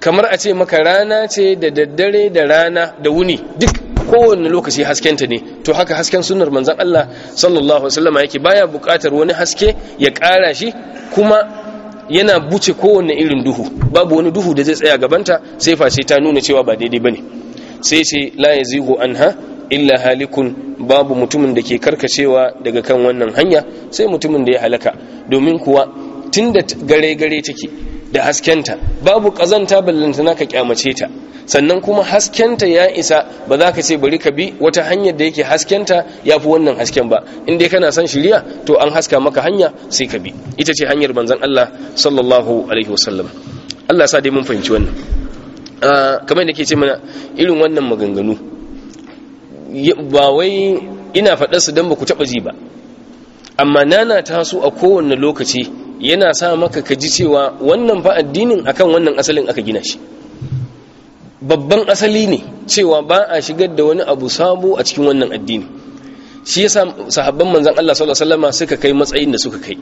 kamar a ce maka rana ce da daddare da rana da wuni duk kowane lokaci haskenta ne to haka hasken sunnar manzan Allah sallallahu alaihi wasallam yake baya bukatar wani haske ya kara shi kuma yana buce kowane irin duhu babu wani duhu da zai tsaya gabanta sai face ta nuna cewa ba daidai bane sai ce la yazigu anha illa halikun babu mutumin da ke karkacewa daga kan wannan hanya sai mutumin da ya halaka domin kuwa tun da gare-gare take da haskenta babu kazanta ballantana ka kyamace ta sannan kuma haskenta ya isa ba za ka ce bari ka bi wata hanyar da yake haskenta ya fi wannan hasken ba in kana son shirya to an haska maka hanya sai ka bi ita ce hanyar banzan Allah sallallahu alaihi wasallam Allah sa dai mun fahimci wannan ah, kamar da ke ce mana irin wannan maganganu ba wai ina faɗar su don ba ku taɓa ji ba amma nana ta a kowane lokaci yana sa maka ka ji cewa wannan fa addinin akan wannan asalin aka gina shi babban asali ne cewa ba a shigar da wani abu sabo a cikin wannan addini shi yasa sahabban manzon Allah sallallahu alaihi wasallam suka kai matsayin da suka kai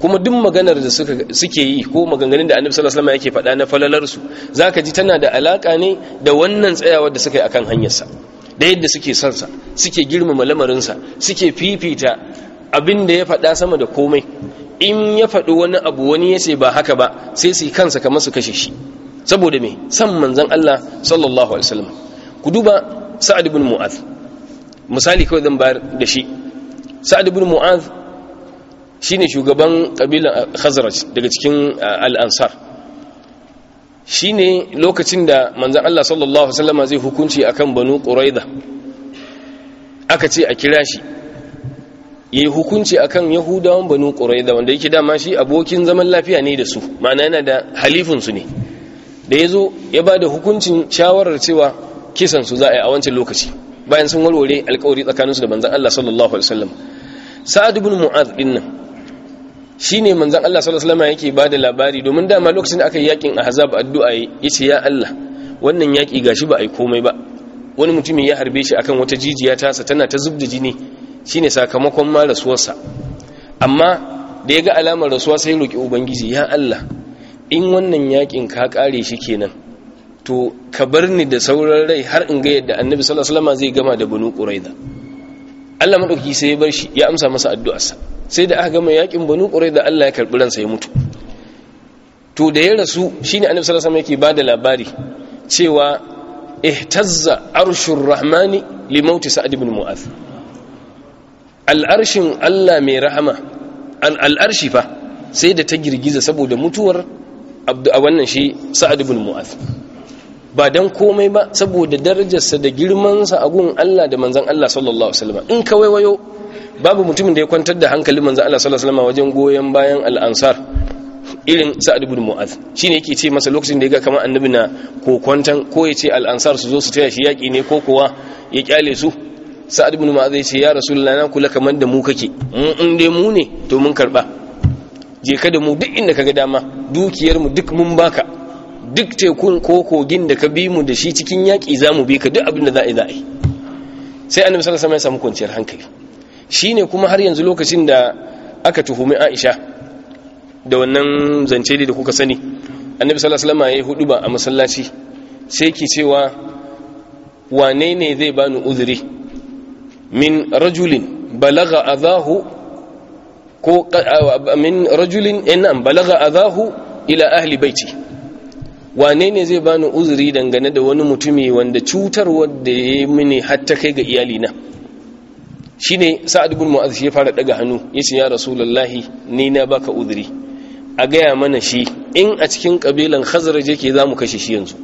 kuma duk maganar da suke yi ko maganganun da annabi sallallahu alaihi wasallam yake faɗa na falalarsu zaka ji tana da alaka ne da wannan tsayawar da suka yi akan hanyarsa da yadda suke sansa suke girmama lamarinsa suke fifita abin da ya faɗa sama da komai in ya faɗi wani abu wani ya ce ba haka ba sai su yi kansa kamar su kashe shi saboda me san manzon Allah sallallahu alaihi wasallam ku duba sa'ad ibn mu'az misali kawai zan bayar da shi sa'ad ibn mu'az shine shugaban kabilan eh, khazraj daga cikin eh, al-ansar Shi ne lokacin da manzan Allah sallallahu Alaihi zai hukunci kan banu ƙuraida aka ce a kira shi ya yi hukunci kan yahudawan banu ƙuraida wanda yake dama shi abokin zaman lafiya ne da su ma'ana yana da halifinsu ne da ya zo ya ba da hukuncin shawarar cewa kisansu za a yi a wancan lokaci bayan sun warware alkawari tsakaninsu da manzan Allah sallallahu Alaihi wasallam sa'ad ibn mu'az din nan Shi ne manzan Allah sallallahu yake salama yake bada labari domin dama lokacin da aka yi yakin ahzab addu'a ya ce, ya Allah wannan yaki shi ba a yi komai ba wani mutumin ya harbe shi akan wata jijiya tasa tana ta zubda jini shi ne sakamakon ma rasuwarsa amma da ya ga alamar rasuwa sai roƙi ubangiji ya Allah in wannan yakin ka kare shi kenan to ka bar ni da sauran rai har in ga yadda annabi sallallahu alaihi wasallam zai gama da banu quraiza Allah madauki sai ya bar shi ya amsa masa addu'arsa sai da aka gama yakin banu ƙurai da Allah ya karɓi ransa ya mutu to da ya rasu shine annabi sallallahu alaihi wasallam yake da labari cewa ihtazza arshin rahmani li mauti sa'd ibn mu'az al'arshin Allah mai rahama al'arshi fa sai da ta girgiza saboda mutuwar a wannan shi sa'ad ibn mu'az ba don komai ba saboda darajarsa da girmansa a gun Allah da manzan Allah sallallahu alaihi wasallam in kawai wayo babu mutumin da ya kwantar da hankali manzan Allah sallallahu alaihi wasallam wajen goyon bayan al'ansar irin sa'ad ibn mu'az shine yake ce masa lokacin da ya ga kamar annabi na kokwantan ko ya ce al'ansar su zo su taya shi yaƙi ne ko kowa ya kyale su sa'ad ibn mu'az ya ce ya rasulullahi na kula kamar da mu kake mun in dai mu ne to mun karba je ka da mu duk inda ka ga dama dukiyar mu duk mun baka duk tekun ko kogin da ka bi mu da shi cikin yaƙi za mu bi ka duk abin da za a yi za a yi sai annabi sallallahu alaihi ya samu kwanciyar hankali shine kuma har yanzu lokacin da aka tuhumi Aisha da wannan zance da kuka sani annabi sallallahu alaihi wasallam ya hudu ba a masallaci sai ki cewa wane ne zai bani uzuri min rajulin balaga azahu ko min rajulin inna eh, balaga azahu ila ahli baiti wane ne zai bani uzuri dangane da wani mutumi wanda cutarwar da ya yi mini hatta kai ga iyalina shi ne sa'ad bin shi ya fara daga hannu ya ce ya rasulullahi ni na baka uzuri a gaya mana shi in a cikin kabilan hazaraje ke za mu kashe shi yanzu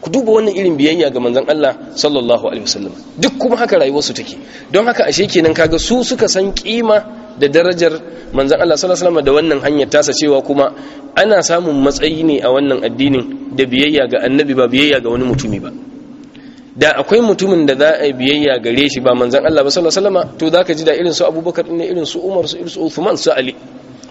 ku duba wannan irin biyayya ga manzon Allah sallallahu alaihi wasallam duk kuma haka rayuwarsu take don haka ashe kenan kaga su suka san kima da darajar manzan Allah sallallahu alaihi da wannan hanyar tasa cewa kuma ana samun matsayi ne a wannan addinin da biyayya ga annabi ba biyayya ga wani mutumi ba da akwai mutumin da za a biyayya gare shi ba manzan Allah ba sallallahu alaihi to zaka ji da irin su Abubakar ne irin su Umar su irin su Uthman su Ali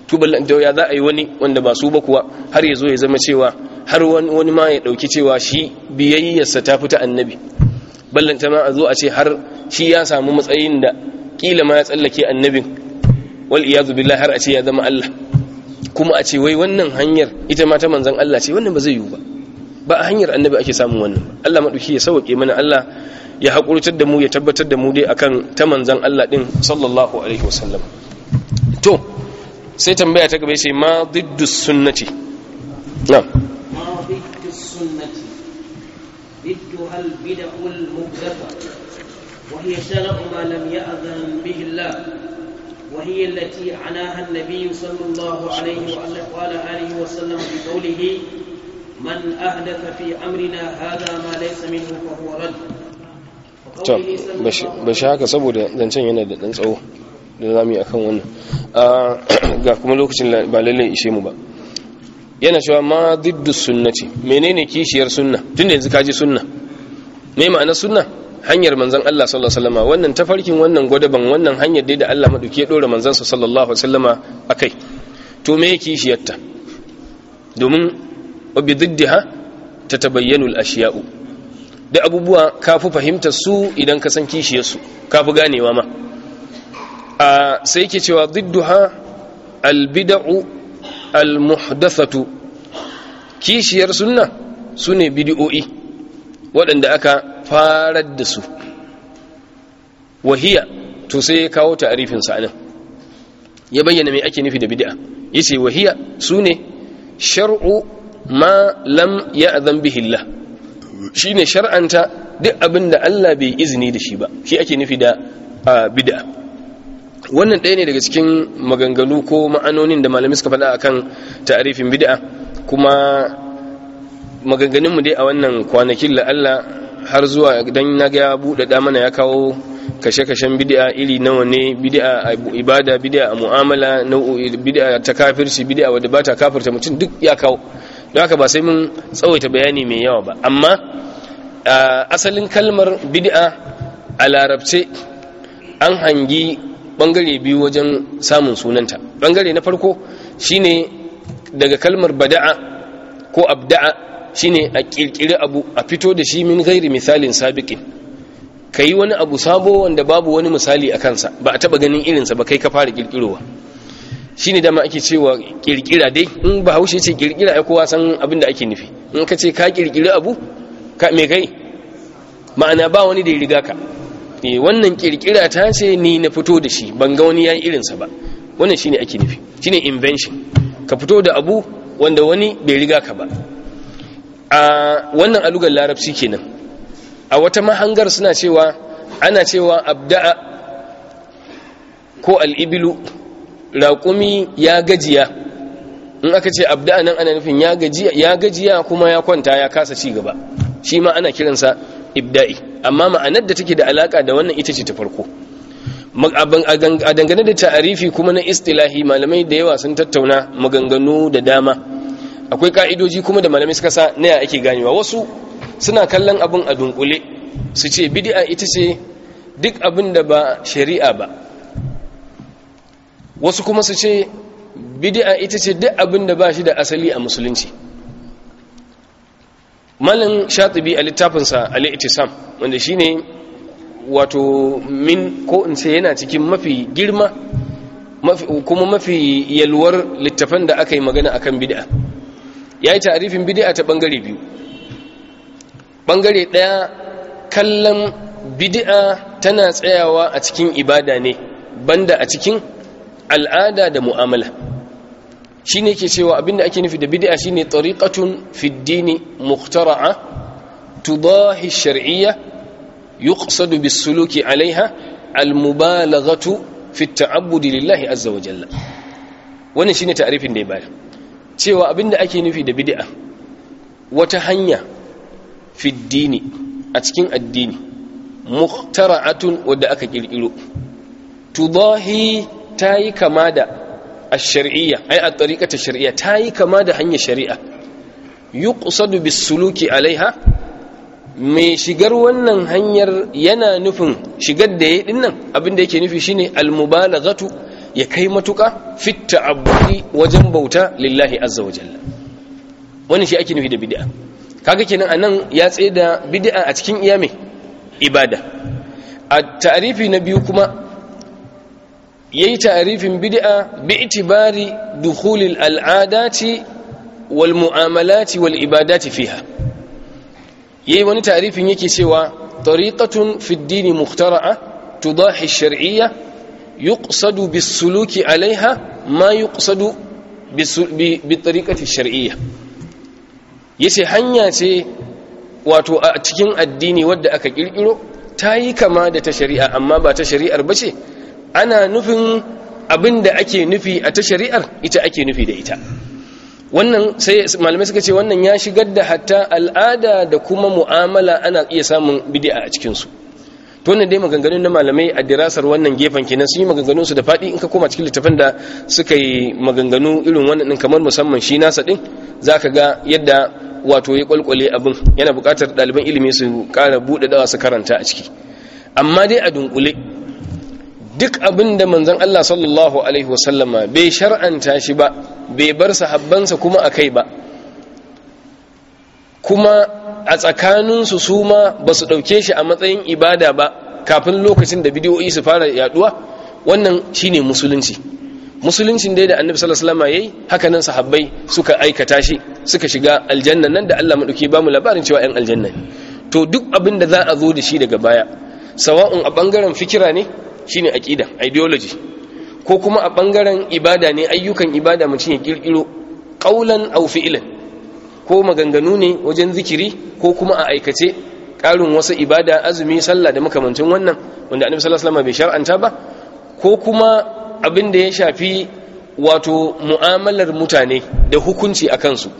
to ballan ya za a yi wani wanda ba su ba kuwa har yazo ya zama cewa har wani ma ya dauki cewa shi biyayyarsa ta fita annabi ballanta ma a zo a ce har shi ya samu matsayin da kila ma ya tsallake annabin wal iyadu billah har a ce ya zama Allah kuma a ce wai wannan hanyar ita ma ta manzon Allah ce wannan ba zai yiwu ba ba a hanyar annabi ake samun wannan Allah madauki ya sauke mana Allah ya hakurtar da mu ya tabbatar da mu dai akan ta manzan Allah din sallallahu alaihi wasallam to sai tambaya ta gaba sai ma diddu sunnati na'am ma diddu sunnati ضدها البدع المحدثة وهي شرع ما لم يأذن به الله وهي التي عناها النبي صلى الله عليه وعلى آله وسلم بقوله من أهدف في أمرنا هذا ما ليس منه فهو رد bashi haka saboda zancen yana da dan tsawo da zami kan wannan ga kuma lokacin ba lalle ishe mu ba yana cewa ma diddu sunnati menene kishiyar sunna tunda yanzu kaji sunna mai ma'ana sunna hanyar manzon Allah sallallahu alaihi wannan tafarkin wannan gwadaban wannan hanyar dai da Allah maduke ya dora manzon sa sallallahu alaihi wasallama akai to me yake shiyarta domin obididdiha tatabayyanu al-ashiya'u da abubuwa kafi fahimtar su idan ka san kishiyar su kafi ganewa ma a sai yake cewa didduha al-bid'u al-muhdathatu kishiyar sunna sune bid'o'i waɗanda aka farar da su wahiya to sai ya kawo ta'arifin sa nan ya bayyana mai ake nufi da bid'a yace wahiya sune shar'u ma lam ya'zan bihi Allah shine shar'anta duk abin da Allah bai izini da shi ba shi ake nufi da bid'a wannan ɗaya ne daga cikin maganganu ko ma'anonin da malamin suka faɗa akan ta'arifin bid'a kuma maganganunmu dai a wannan kwanakin la'alla har zuwa don na ga buɗaɗa mana ya kawo kashe-kashen bid'a iri nawa ne bid'a a ibada bid'a a mu'amala bid'a ta kafirci bid'a wadda ba ta kafirta mutum duk ya kawo don haka ba sai mun tsawaita bayani mai yawa ba amma asalin kalmar bid'a a larabce an hangi bangare biyu wajen samun sunanta bangare na farko shine daga kalmar bada'a ko abda'a shine a kirkiri abu a fito da shi min gairi misalin sabiqin kai wani abu sabo wanda babu wani misali a kansa ba a taba ganin irinsa ba kai ka fara kirkirowa shine dama ake cewa kirkira dai in ba haushe ce kirkira ai kowa san abin da ake nufi in ka ce ka kirkiri abu ka me kai ma'ana ba wani da ya riga ka eh wannan kirkira ta ce ni na fito da shi ban ga wani yi irinsa ba wannan shine ake nufi shine invention ka fito da abu wanda wani bai riga ka ba a wannan alugar larabci kenan a wata mahangar suna cewa ana cewa abda'a ko al'ibilu raƙumi ya gajiya in aka ce abda'a nan ana nufin ya gajiya kuma ya kwanta ya kasa ci gaba shi ma ana kiransa ibda'i amma ma'anar da take da alaka da wannan ita ce ta farko a dangane da ta'arifi kuma na istilahi malamai da yawa sun tattauna maganganu da dama akwai ka'idoji kuma da malami suka sa na ya ake ganewa wasu suna kallon abin a dunkule su ce bid'a ita ce duk abin da ba shari'a ba wasu kuma su ce bid'a ita ce duk abin da ba shi da asali a musulunci malin shatibi a littafinsa al Sam wanda ne wato min ko in ce yana cikin mafi girma kuma mafi yalwar littafan da aka yi magana akan bid'a ya yi tarifin bidi'a ta ɓangare biyu ɓangare ɗaya kallon bidi'a tana tsayawa a cikin ibada ne banda a cikin al'ada da mu'amala shi ne ke cewa abinda ake nufi da bidi'a shi ne tariƙatun fiddini muktara'a tubahi shar'iyya yuqsadu bi suluki 'alayha almubalagatu mubalaghatu lillahi azza wa jalla wannan ne ta'arifin da ya bayar cewa abinda ake nufi da bid'a wata hanya fi dini a cikin addini muhtara'atun wadda aka kirkiro tudahi tayi kama da ash-shar'iyya ay at-tariqata ash-shar'iyya tayi kama da hanyar shari'a yuqsadu bis-suluki alaiha mai shigar wannan hanyar yana nufin shigar da yayi dinnan abinda yake nufi shine al-mubalaghatu ya kai matuƙa fitta abudi wajen bauta lillahi azza wa jalla Wani shi ake nufi da bid'a kaga kenan nan ya tsaye da bid'a a cikin iya mai ibada a ta'arifi na biyu kuma yayi ta'arifin bid'a bi itibari dukhulil al'adati wal mu'amalati wal ibadati fiha yayi wani ta'arifin yake cewa tariqatun fiddini muhtara'a mukhtara'a tudahi ash yuqsadu bisuluki alaiha ma yuqsadu bi tariqati shar'iyya yace hanya ce wato a cikin addini wadda aka kirkiro ta yi kama da ta shari'a amma ba ta shari'ar bace ana nufin abinda ake nufi a ta shari'ar ita ake nufi da ita wannan sai malamai suka ce wannan ya shigar da hatta al'ada da kuma mu'amala ana iya samun bid'a a cikinsu to wannan dai maganganun na malamai a dirasar wannan gefen kenan sun yi maganganun su da faɗi in ka koma cikin littafin da suka yi maganganu irin wannan din kamar musamman shi nasa din zaka ga yadda wato ya kwalkwale abin yana buƙatar ɗaliban ilimi su ƙara buɗe dawa su karanta a ciki amma dai a dunkule duk abin da manzon Allah sallallahu alaihi wasallama bai shar'anta shi ba bai bar sahabbansa kuma akai ba kuma a tsakaninsu su ma ba su ɗauke shi a matsayin ibada ba kafin lokacin da bidiyoyi su fara yaduwa wannan shi ne musulunci musuluncin dai da annabi sallallahu alaihi wasallam yayi haka nan sahabbai suka aikata shi suka shiga aljanna nan da Allah madauki ba mu labarin cewa yan aljanna to duk abin da za a zo da shi daga baya sawa'un a bangaren fikira ne shine aqida ideology ko kuma a bangaren ibada ne ayyukan ibada mutum ya kirkiro qaulan aw fi'lan ko maganganu ne wajen zikiri ko kuma a aikace ƙarin wasu ibada azumi sallah da makamancin wannan wanda annabi sallallahu alaihi wasallam bai shar'anta ba ko kuma abin da ya shafi wato mu'amalar mutane da hukunci a kansu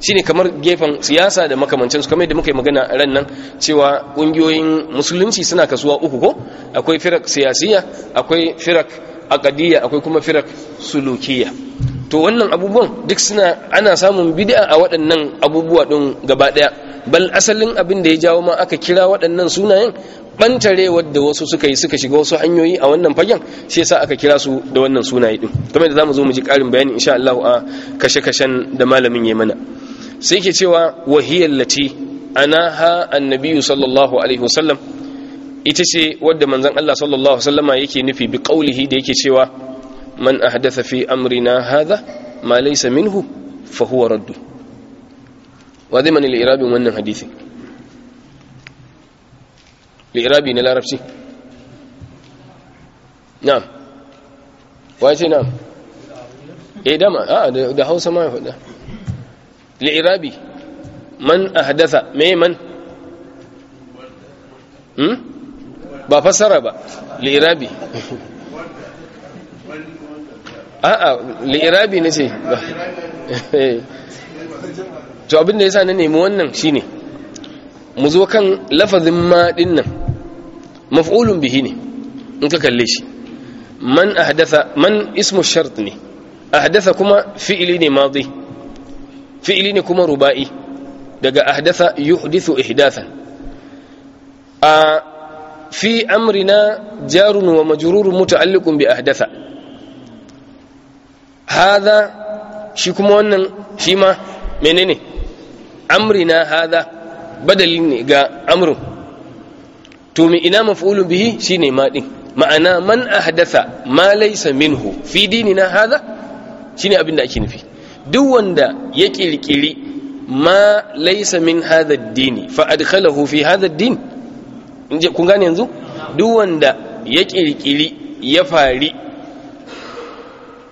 shine kamar gefen siyasa da makamancinsu kamar yadda muka yi magana ran nan cewa ƙungiyoyin musulunci suna kasuwa uku ko akwai firak siyasiya akwai firak akadiyya akwai kuma firak sulukiya to wannan abubuwan duk suna ana samun bid'a a waɗannan abubuwa ɗin gaba ɗaya bal asalin abin da ya jawo ma aka kira waɗannan sunayen bantarewar da wasu suka yi suka shiga wasu hanyoyi a wannan fagen shi yasa aka kira su da wannan sunaye din kamar da zamu zo mu ji karin bayani insha Allah a kashe-kashen da malamin ya mana sai ke cewa wahiyal lati anaha annabi sallallahu alaihi wasallam ita ce wadda manzon Allah sallallahu alaihi wasallama yake nufi bi qaulihi da yake cewa من أحدث في أمرنا هذا ما ليس منه فهو رد وهذا من الإرابي ومن الحديث الإرابي نلا ربسي نعم وايتي نعم إيه دم آه ده هو سماع يفعل الإرابي من أحدث مي من هم؟ با بقى الإرابي a'a li'irabi na ce to abin da ya sa na nemi wannan shine mu zo kan lafazin ma din nan maf'ulun bihi ne in ka kalle shi man ahdatha man ismu shart ne ahdatha kuma fi'ili ne madi fi'ili ne kuma ruba'i daga ahdatha yuhdithu ihdathan a fi amrina jarun wa majrurun muta'alliqun bi ahdatha hada shi kuma wannan shi ma menene amrina hada badali ne ga amru to mi ina maf'ulun bihi shine ma din ma'ana man ahdatha ma laysa minhu fi dinina hada shine abin da ake nufi duk wanda ya kirkiri ma laysa min hada dini fa adkhalahu fi hada ad-din kun gane yanzu duk wanda ya kirkiri ya fari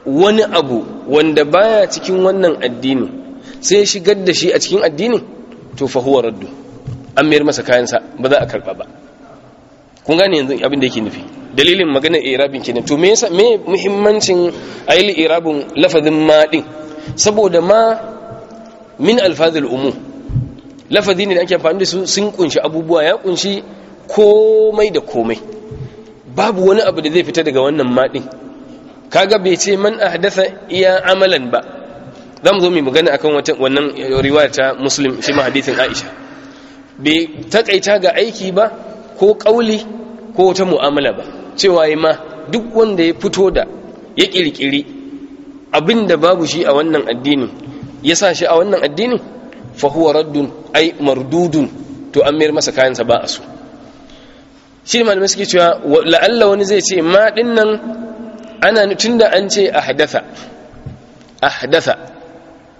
wani abu wanda baya cikin wannan addini sai shigar da shi a cikin addini to fa huwa raddu an mayar masa kayansa ba za a karba ba kun gane yanzu abin da yake nufi dalilin maganar irabin kenan to me yasa me muhimmancin ayil irabun lafazin ma din saboda ma min alfazil umu lafazi ne da ake amfani da su sun kunshi abubuwa ya kunshi komai da komai babu wani abu da zai fita daga wannan ma kaga bai ce man ahdatha iya amalan ba za zo mu magana akan wannan riwaya ta muslim shi ma hadithin aisha bai takaita ga aiki ba ko kauli ko wata mu'amala ba cewa yi ma duk wanda ya fito da ya kirkiri abinda babu shi a wannan addini ya sa shi a wannan addini fa huwa raddun ai mardudun to an mayar masa kayansa ba a so shi malamai suke cewa la'alla wani zai ce ma dinnan ana tun da an ce a a ahdatha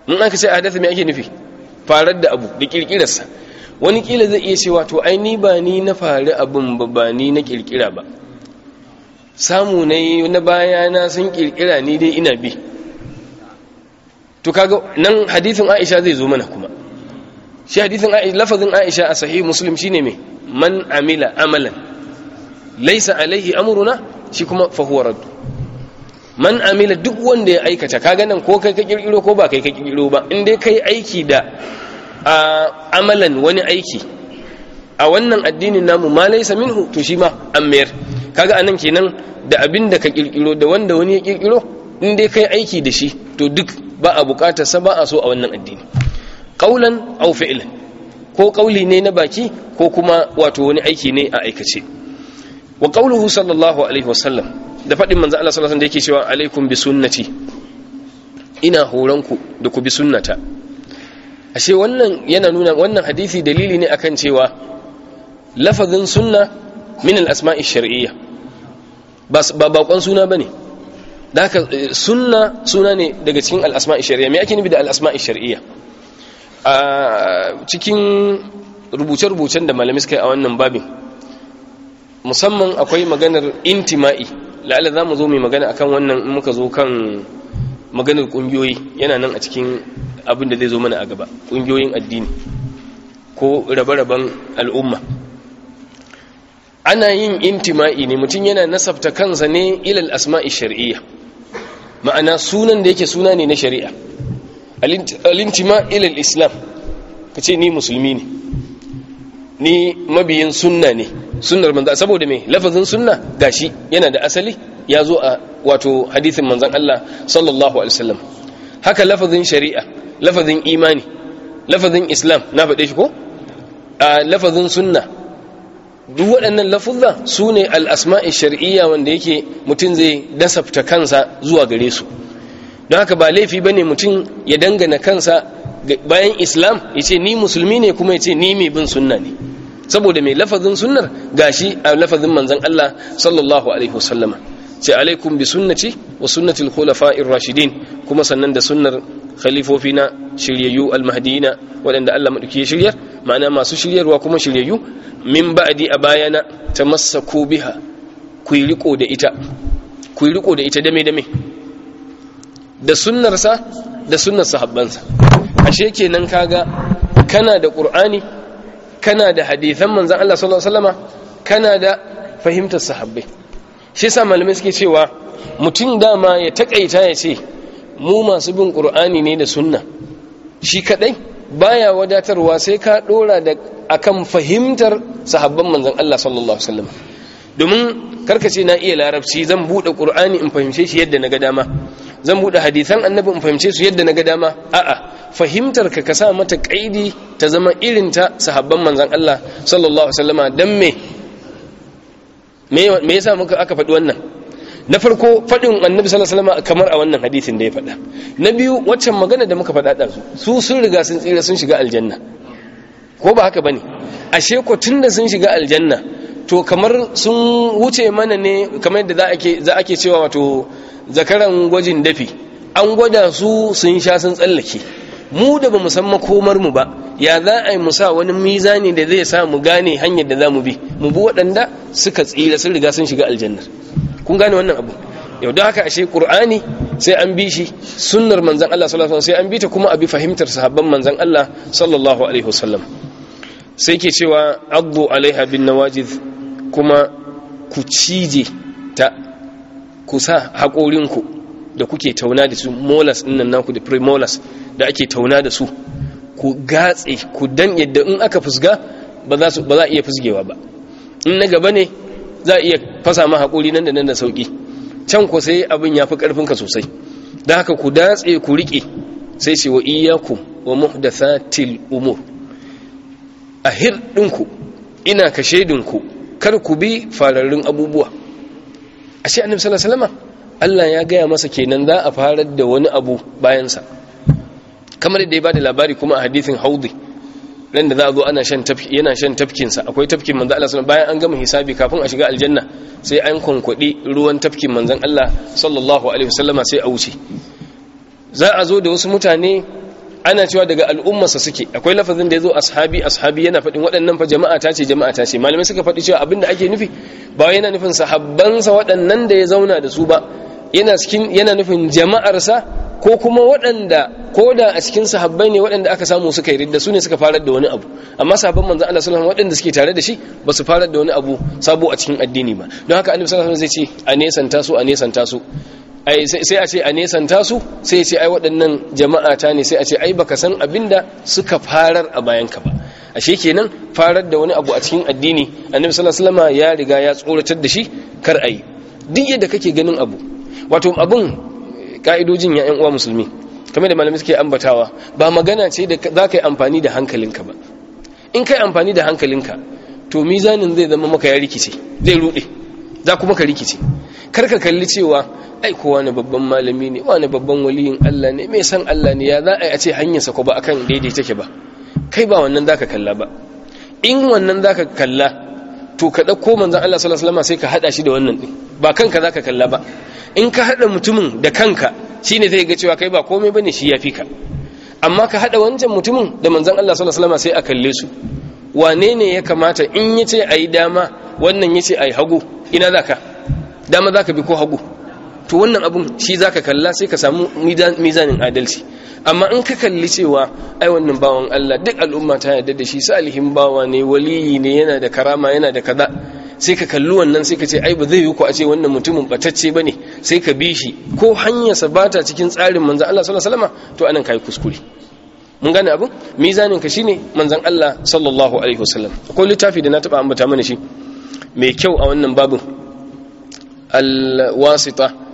mun ka ce hadasa me ake nufi farar da abu da kirkirarsa wani kila zai iya cewa to ai ni ba ni na fari abin ba ba ni na kirkira ba samu na baya na san kirkira ni dai ina bi to kaga nan hadisin Aisha zai zo mana kuma shi hadisin Aisha lafazin Aisha a sahih Muslim shine me man amila amalan laysa alaihi amruna shi kuma fa man amila duk wanda ya aikata kaga nan ko kai ka kirkiro ko ba kai ka kirkiro ba in dai kai aiki da amalan wani aiki a wannan addinin namu ma laisa minhu to shi ma amir kaga anan kenan da abin da ka kirkiro da wanda wani ya kirkiro in dai kai aiki da shi to duk ba a buƙatar sa ba a so a wannan addini qaulan aw fi'lan ko ƙauli ne na baki ko kuma wato wani aiki ne a aikace wa qawluhu sallallahu alaihi wasallam da fadin manzo Allah sallallahu alaihi wasallam da yake cewa alaikum bi sunnati ina horonku da ku bi sunnata ashe wannan yana nuna wannan hadisi dalili ne akan cewa lafazin sunna min al-asma'i shar'iyya ba ba bakon suna bane da haka eh, sunna suna ne daga cikin al-asma'i shar'iyya me ake nufi da al-asma'i shar'iyya a cikin rubuce-rubucen da malamai suka yi a wannan babin musamman akwai maganar intima'i la'ala za mu zo mai magana akan wannan in muka zo kan maganar ƙungiyoyi yana nan a cikin abin da zai zo mana a gaba ƙungiyoyin addini ko rabe-raben al'umma ana yin intima'i ne mutum yana nasabta kansa ne ilal asma'i sharia ma'ana sunan da yake suna ne na shari'a alintima ilal islam ka ce ni musulmi ne ni mabiyin sunna ne sunnar manzan saboda me lafazin sunna gashi yana da asali ya zo a wato hadisin manzan Allah sallallahu alaihi wasallam haka lafazin shari'a lafazin imani lafazin islam na faɗe shi ko a lafazin sunna duk waɗannan lafuzza su ne al'asma'i shari'iyya wanda yake mutum zai dasafta kansa zuwa gare su don haka ba laifi ba ne mutum ya dangana kansa bayan islam ya ce ni musulmi ne kuma ya ce ni mai bin sunna ne saboda mai lafazin sunnar gashi a lafazin manzon Allah sallallahu alaihi wasallama sai alaikum bi sunnati wa sunnati al-khulafa'ir rashidin kuma sannan da sunnar khalifofi na shiryayyu al-mahdiyina waɗanda Allah madauki ya shiryar ma'ana masu shiryarwa kuma shiryayyu min ba'di a bayana tamassaku biha ku riko da ita ku yi riko da ita dame dame da sunnarsa da sunnar sahabbansa ashe kenan kaga kana da qur'ani kana da hadithan manzan Allah sallallahu alaihi wasallama kana da fahimtar sahabbai shi sa malamai suke cewa mutum dama ya takaita ya ce mu masu bin ƙur'ani ne da sunna shi kadai baya wadatarwa sai ka ɗora da akan fahimtar sahabban manzan Allah sallallahu alaihi domin karkace na iya larabci zan buɗe ƙur'ani in fahimce shi yadda na ga dama zan buɗe hadisan annabi in fahimce su yadda na ga dama a'a fahimtar ka kasa sa mata kaidi ta zama irin ta sahabban manzan Allah sallallahu alaihi don me me yasa muka aka faɗi wannan na farko faɗin annabi sallallahu alaihi kamar a wannan hadisin da ya faɗa na biyu waccan magana da muka faɗa su sun riga sun tsira sun shiga aljanna ko ba haka bane ashe ko tunda sun shiga aljanna to kamar sun wuce mana ne kamar yadda za ake za cewa wato zakaran gwajin dafi an gwada su sun sha sun tsallake mu da ba mu san makomar mu ba ya za a yi musa wani mizani da zai sa mu gane hanyar da za mu bi mu bi waɗanda suka tsira sun riga sun shiga aljannar kun gane wannan abu yau da haka ashe qur'ani sai an bi shi sunnar manzon Allah sallallahu alaihi wasallam sai an bi ta kuma a bi fahimtar sahabban manzon Allah sallallahu alaihi wasallam sai ke cewa addu alaiha bin nawajiz kuma ku cije ta ku sa ku da kuke tauna da su molas nan naku da premolars da ake tauna da su ku gatse ku dan yadda in aka fusga ba za su ba za iya fusgewa ba in na gaba ne za iya fasa ma hakuri nan da nan da sauki can ko sai abin yafi karfin ka sosai da haka ku datse ku rike sai ce wa iyyakum wa muhdathatil umur ahir dinku ina ka dinku kar ku bi fararrun abubuwa ashe annabi sallallahu alaihi wasallam Allah ya gaya masa kenan za a farar da wani abu bayansa kamar da ya ba da labari kuma a hadithin haudi ran da za a zo ana shan tafki yana shan tafkinsa akwai tafkin manzo Allah sallallahu bayan an gama hisabi kafin a shiga aljanna sai an kwankwadi ruwan tafkin manzan. Allah sallallahu alaihi wasallama sai a wuce za a zo da wasu mutane ana cewa daga al'ummarsa suke akwai lafazin da ya zo ashabi ashabi yana faɗin waɗannan fa jama'a ta ce jama'a ta ce malamai suka faɗi cewa abinda ake nufi ba yana nufin sahabbansa waɗannan da ya zauna da su ba yana cikin yana nufin jama'arsa ko kuma waɗanda ko da a cikin sahabbai ne waɗanda aka samu suka yi da su ne suka farar da wani abu amma sahabban manzon Allah sallallahu alaihi waɗanda suke tare da shi ba su farar da wani abu sabo a cikin addini ba don haka annabi sallallahu alaihi zai ce a nesanta su a nesanta su ai sai a ce a nesanta su sai ya ce ai waɗannan jama'a ta ne sai a ce ai baka san abinda suka farar a bayan ka ba ashe kenan farar da wani abu a cikin addini annabi sallallahu alaihi ya riga ya tsoratar da shi kar ayi duk yadda kake ganin abu wato abin ka'idojin ya uwa musulmi kamar da malamai suke ambatawa ba magana ce da za ka yi amfani da hankalinka ba in ka yi amfani da hankalinka to mizanin zai zama maka ya rikice zai rude za kuma ka rikice karka kalli cewa ai ko wani babban malami ne wani babban waliyin Allah ne mai san Allah ne ya za a yi a ce hanyarsa ko ba akan daidai take ba kai ba wannan za ka kalla ba in wannan za ka kalla to ka ɗauko manzan Allah sallallahu alaihi wasallam sai ka haɗa shi da wannan ɗin ba kanka ka kalla ba in ka haɗa mutumin da kanka shine zai ga cewa kai ba komai bane shi ya fi ka amma ka haɗa wancan mutumin da manzan Allah sallallahu alaihi wasallam sai a kalle su wane ne ya kamata in ya yace ayi dama wannan yace ayi hagu ina zaka dama zaka bi ko hagu to wannan abun shi za ka kalla sai ka samu mizanin adalci amma in ka kalli cewa ai wannan bawan Allah duk al'umma ta yarda da shi salihin bawa ne waliyi ne yana da karama yana da kaza sai ka kalli wannan sai ka ce ai ba zai yi ku a ce wannan mutumin batacce bane sai ka bi shi ko hanyarsa ba ta cikin tsarin manzon Allah sallallahu alaihi wasallam to anan kai kuskure mun gane abin mizanin ka shine manzon Allah sallallahu alaihi wasallam akwai littafi da na taba ambata mana shi mai kyau a wannan babu al-wasita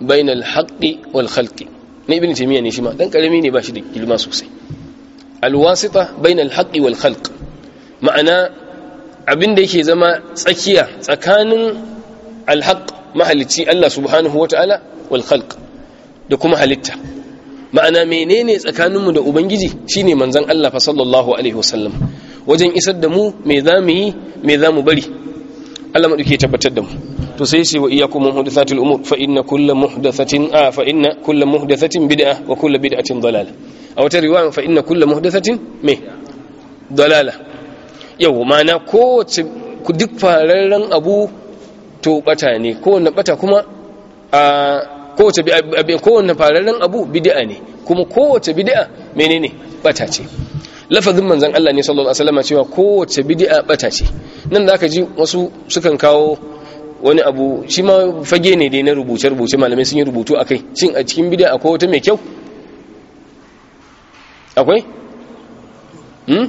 bainal haqqi wal khalqi na ibn taymiya ne shi ma dan karami ne ba shi da girma sosai al wasita bainal haqqi wal khalq ma'ana abin da yake zama tsakiya tsakanin al haqq mahalicci Allah subhanahu wataala wal khalq da kuma halitta ma'ana menene tsakaninmu da ubangiji shine manzon Allah fa sallallahu alaihi wasallam wajen isar da mu me zamu yi me zamu bari Allah madauke tabbatar da mu to sai sai wa iyyakum muhdathatil umur fa inna kullu muhdathatin a fa inna kullu muhdathatin bid'a wa kullu bid'atin dalala a wata riwaya fa inna kullu muhdathatin me dalala yau mana kowace duk fararren abu to bata ne kowanne bata kuma a ko wanda fararren abu bid'a ne kuma kowace bid'a menene bata ce lafazin manzan Allah ne sallallahu alaihi wasallam cewa kowace bid'a bata ce nan da aka ji wasu sukan kawo wani abu shi ma fage ne dai na rubuce rubuce malamai sun yi rubutu akai shin a cikin bid'a akwai wata mai kyau akwai hmm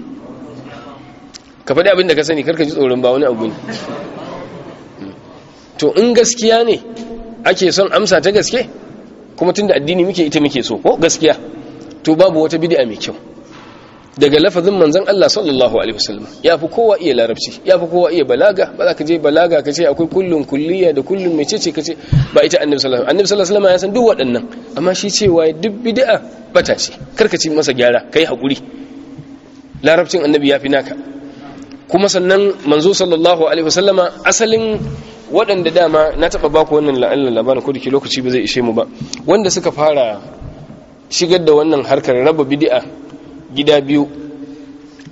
ka faɗi abin da ka sani karka ji tsoron ba wani abu ne hmm. to in gaskiya ne ake son amsa ta gaske kuma tunda addini muke ita muke so ko gaskiya to babu wata bid'a mai kyau daga lafazin manzon Allah sallallahu alaihi wasallam fi kowa iya larabci Ya fi kowa iya balaga ba za ka je balaga ka ce akwai kullun kulliya da kullun mecece ka ce ba ita annabi sallallahu alaihi annabi sallallahu alaihi ya san duk waɗannan amma shi cewa duk bid'a bata ce karka ci masa gyara kai hakuri larabcin annabi ya fi naka kuma sannan manzo sallallahu alaihi wasallama asalin waɗanda dama na taɓa baku wannan la'allan labarin ko ke lokaci ba zai ishe mu ba wanda suka fara shigar da wannan harkar raba bid'a gida biyu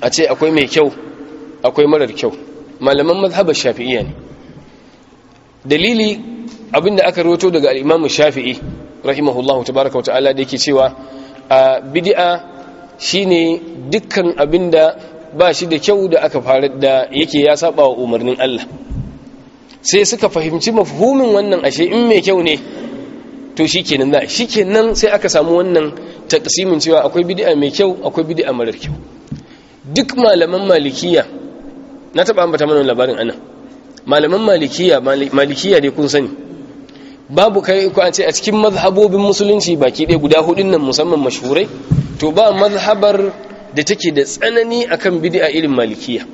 a ce akwai mai kyau akwai marar kyau malaman mazhabar shafi'iyya ne dalili abinda aka roto daga al'imamu shafi'i rahimahullahu tabaraka wa ta'ala da yake cewa a bidi'a shi ne dukkan abinda ba shi da kyau da aka fara da yake ya saba wa umarnin Allah sai suka fahimci mafuhumin wannan ashe in mai kyau ne to shikenan za shikenan sai aka samu wannan taqsimin cewa akwai bidi'a mai kyau akwai bid'a marar kyau duk malaman malikiya na taba ambata mana labarin anan malaman malikiya malikiya dai kun sani babu kai ko an ce a cikin mazhabobin musulunci baki ɗaya guda hudun nan musamman mashurai, to ba mazhabar da take da tsanani akan bid'a irin malikiya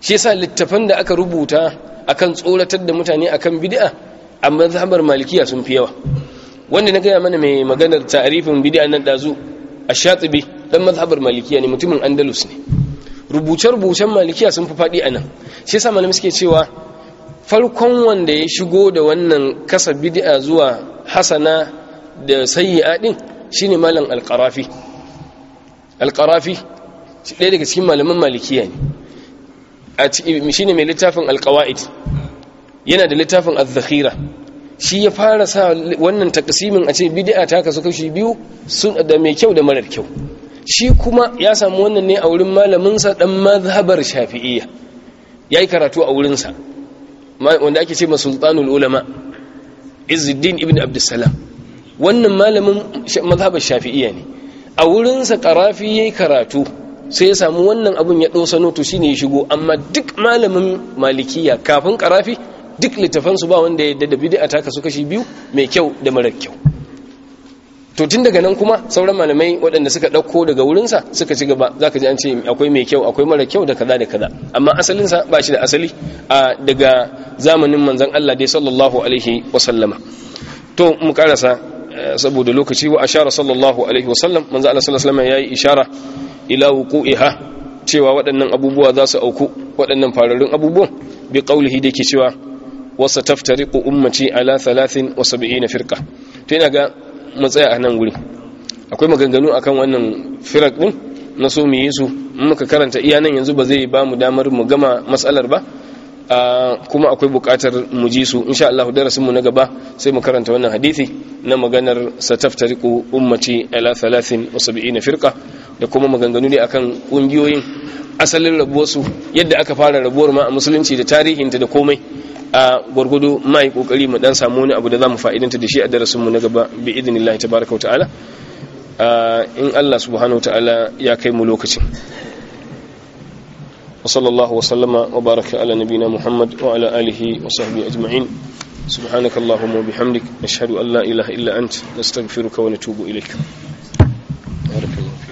shi yasa littafan da aka rubuta akan tsoratar da mutane akan bid'a a zahabar malikiya sun fi yawa wanda na gaya mana mai maganar tarifin bid'a nan dazu a shatsibi dan mazhabar malikiya ne mutumin andalus ne rubuce-rubucen malikiya sun fi faɗi a nan shi sa malamai suke cewa farkon wanda ya shigo da wannan kasa bid'a zuwa hasana da sayyi'a din shine malam al Alƙarafi, ɗaya daga cikin malaman malikiya ne shine mai littafin al yana da littafin al zakhira shi ya fara sa wannan takasimin a ce bid'a ta kasu kashi biyu da mai kyau da marar kyau shi kuma ya samu wannan ne a wurin sa dan mazhabar shafi'iyya yayi karatu a wurinsa wanda ake ce masultanul ulama izzuddin ibn abdussalam wannan malamin mazhabar shafi'iyya ne a wurinsa karafi yayi karatu sai ya samu wannan abun ya dosa noto shine ya shigo amma duk malamin malikiyya kafin karafi duk littafansu ba wanda ya da a ta kasu kashi biyu mai kyau da mara kyau to tun daga nan kuma sauran malamai waɗanda suka ɗauko daga wurinsa suka ci gaba za ka ji an ce akwai mai kyau akwai mara kyau da kaza da kaza amma asalinsa ba shi da asali a daga zamanin manzan Allah dai sallallahu alaihi wasallama to mu karasa eh, saboda lokaci wa ashara sallallahu alaihi wasallam manzan Allah sallallahu alaihi ya yi ishara ila iha cewa waɗannan abubuwa za su auku waɗannan fararrun abubuwan bi qaulihi da ke cewa wasa taftariku ummaci ala na firka to ina ga matsaya a nan wuri akwai maganganu a kan wannan firak ɗin na so mu yi su in muka karanta iya nan yanzu ba zai ba mu damar mu gama matsalar ba kuma akwai bukatar mu ji su insha Allah darasin mu na gaba sai mu karanta wannan hadisi na maganar sataftariqu ummati ala 73 firqa da kuma maganganu ne akan kungiyoyin asalin rabuwar su yadda aka fara rabuwar ma a musulunci da tarihinta da komai a gurgudu mai kokari mu dan samu wani abu da zamu fa'idanta da shi a darasin mu na gaba bi idnillahi tabaaraka wa ta'ala in Allah subhanahu wa ta'ala ya kai mu lokacin وصلى الله وسلم وبارك على نبينا محمد وعلى آله وصحبه أجمعين سبحانك اللهم وبحمدك نشهد أن لا إله إلا أنت نستغفرك ونتوب إليك بارك الله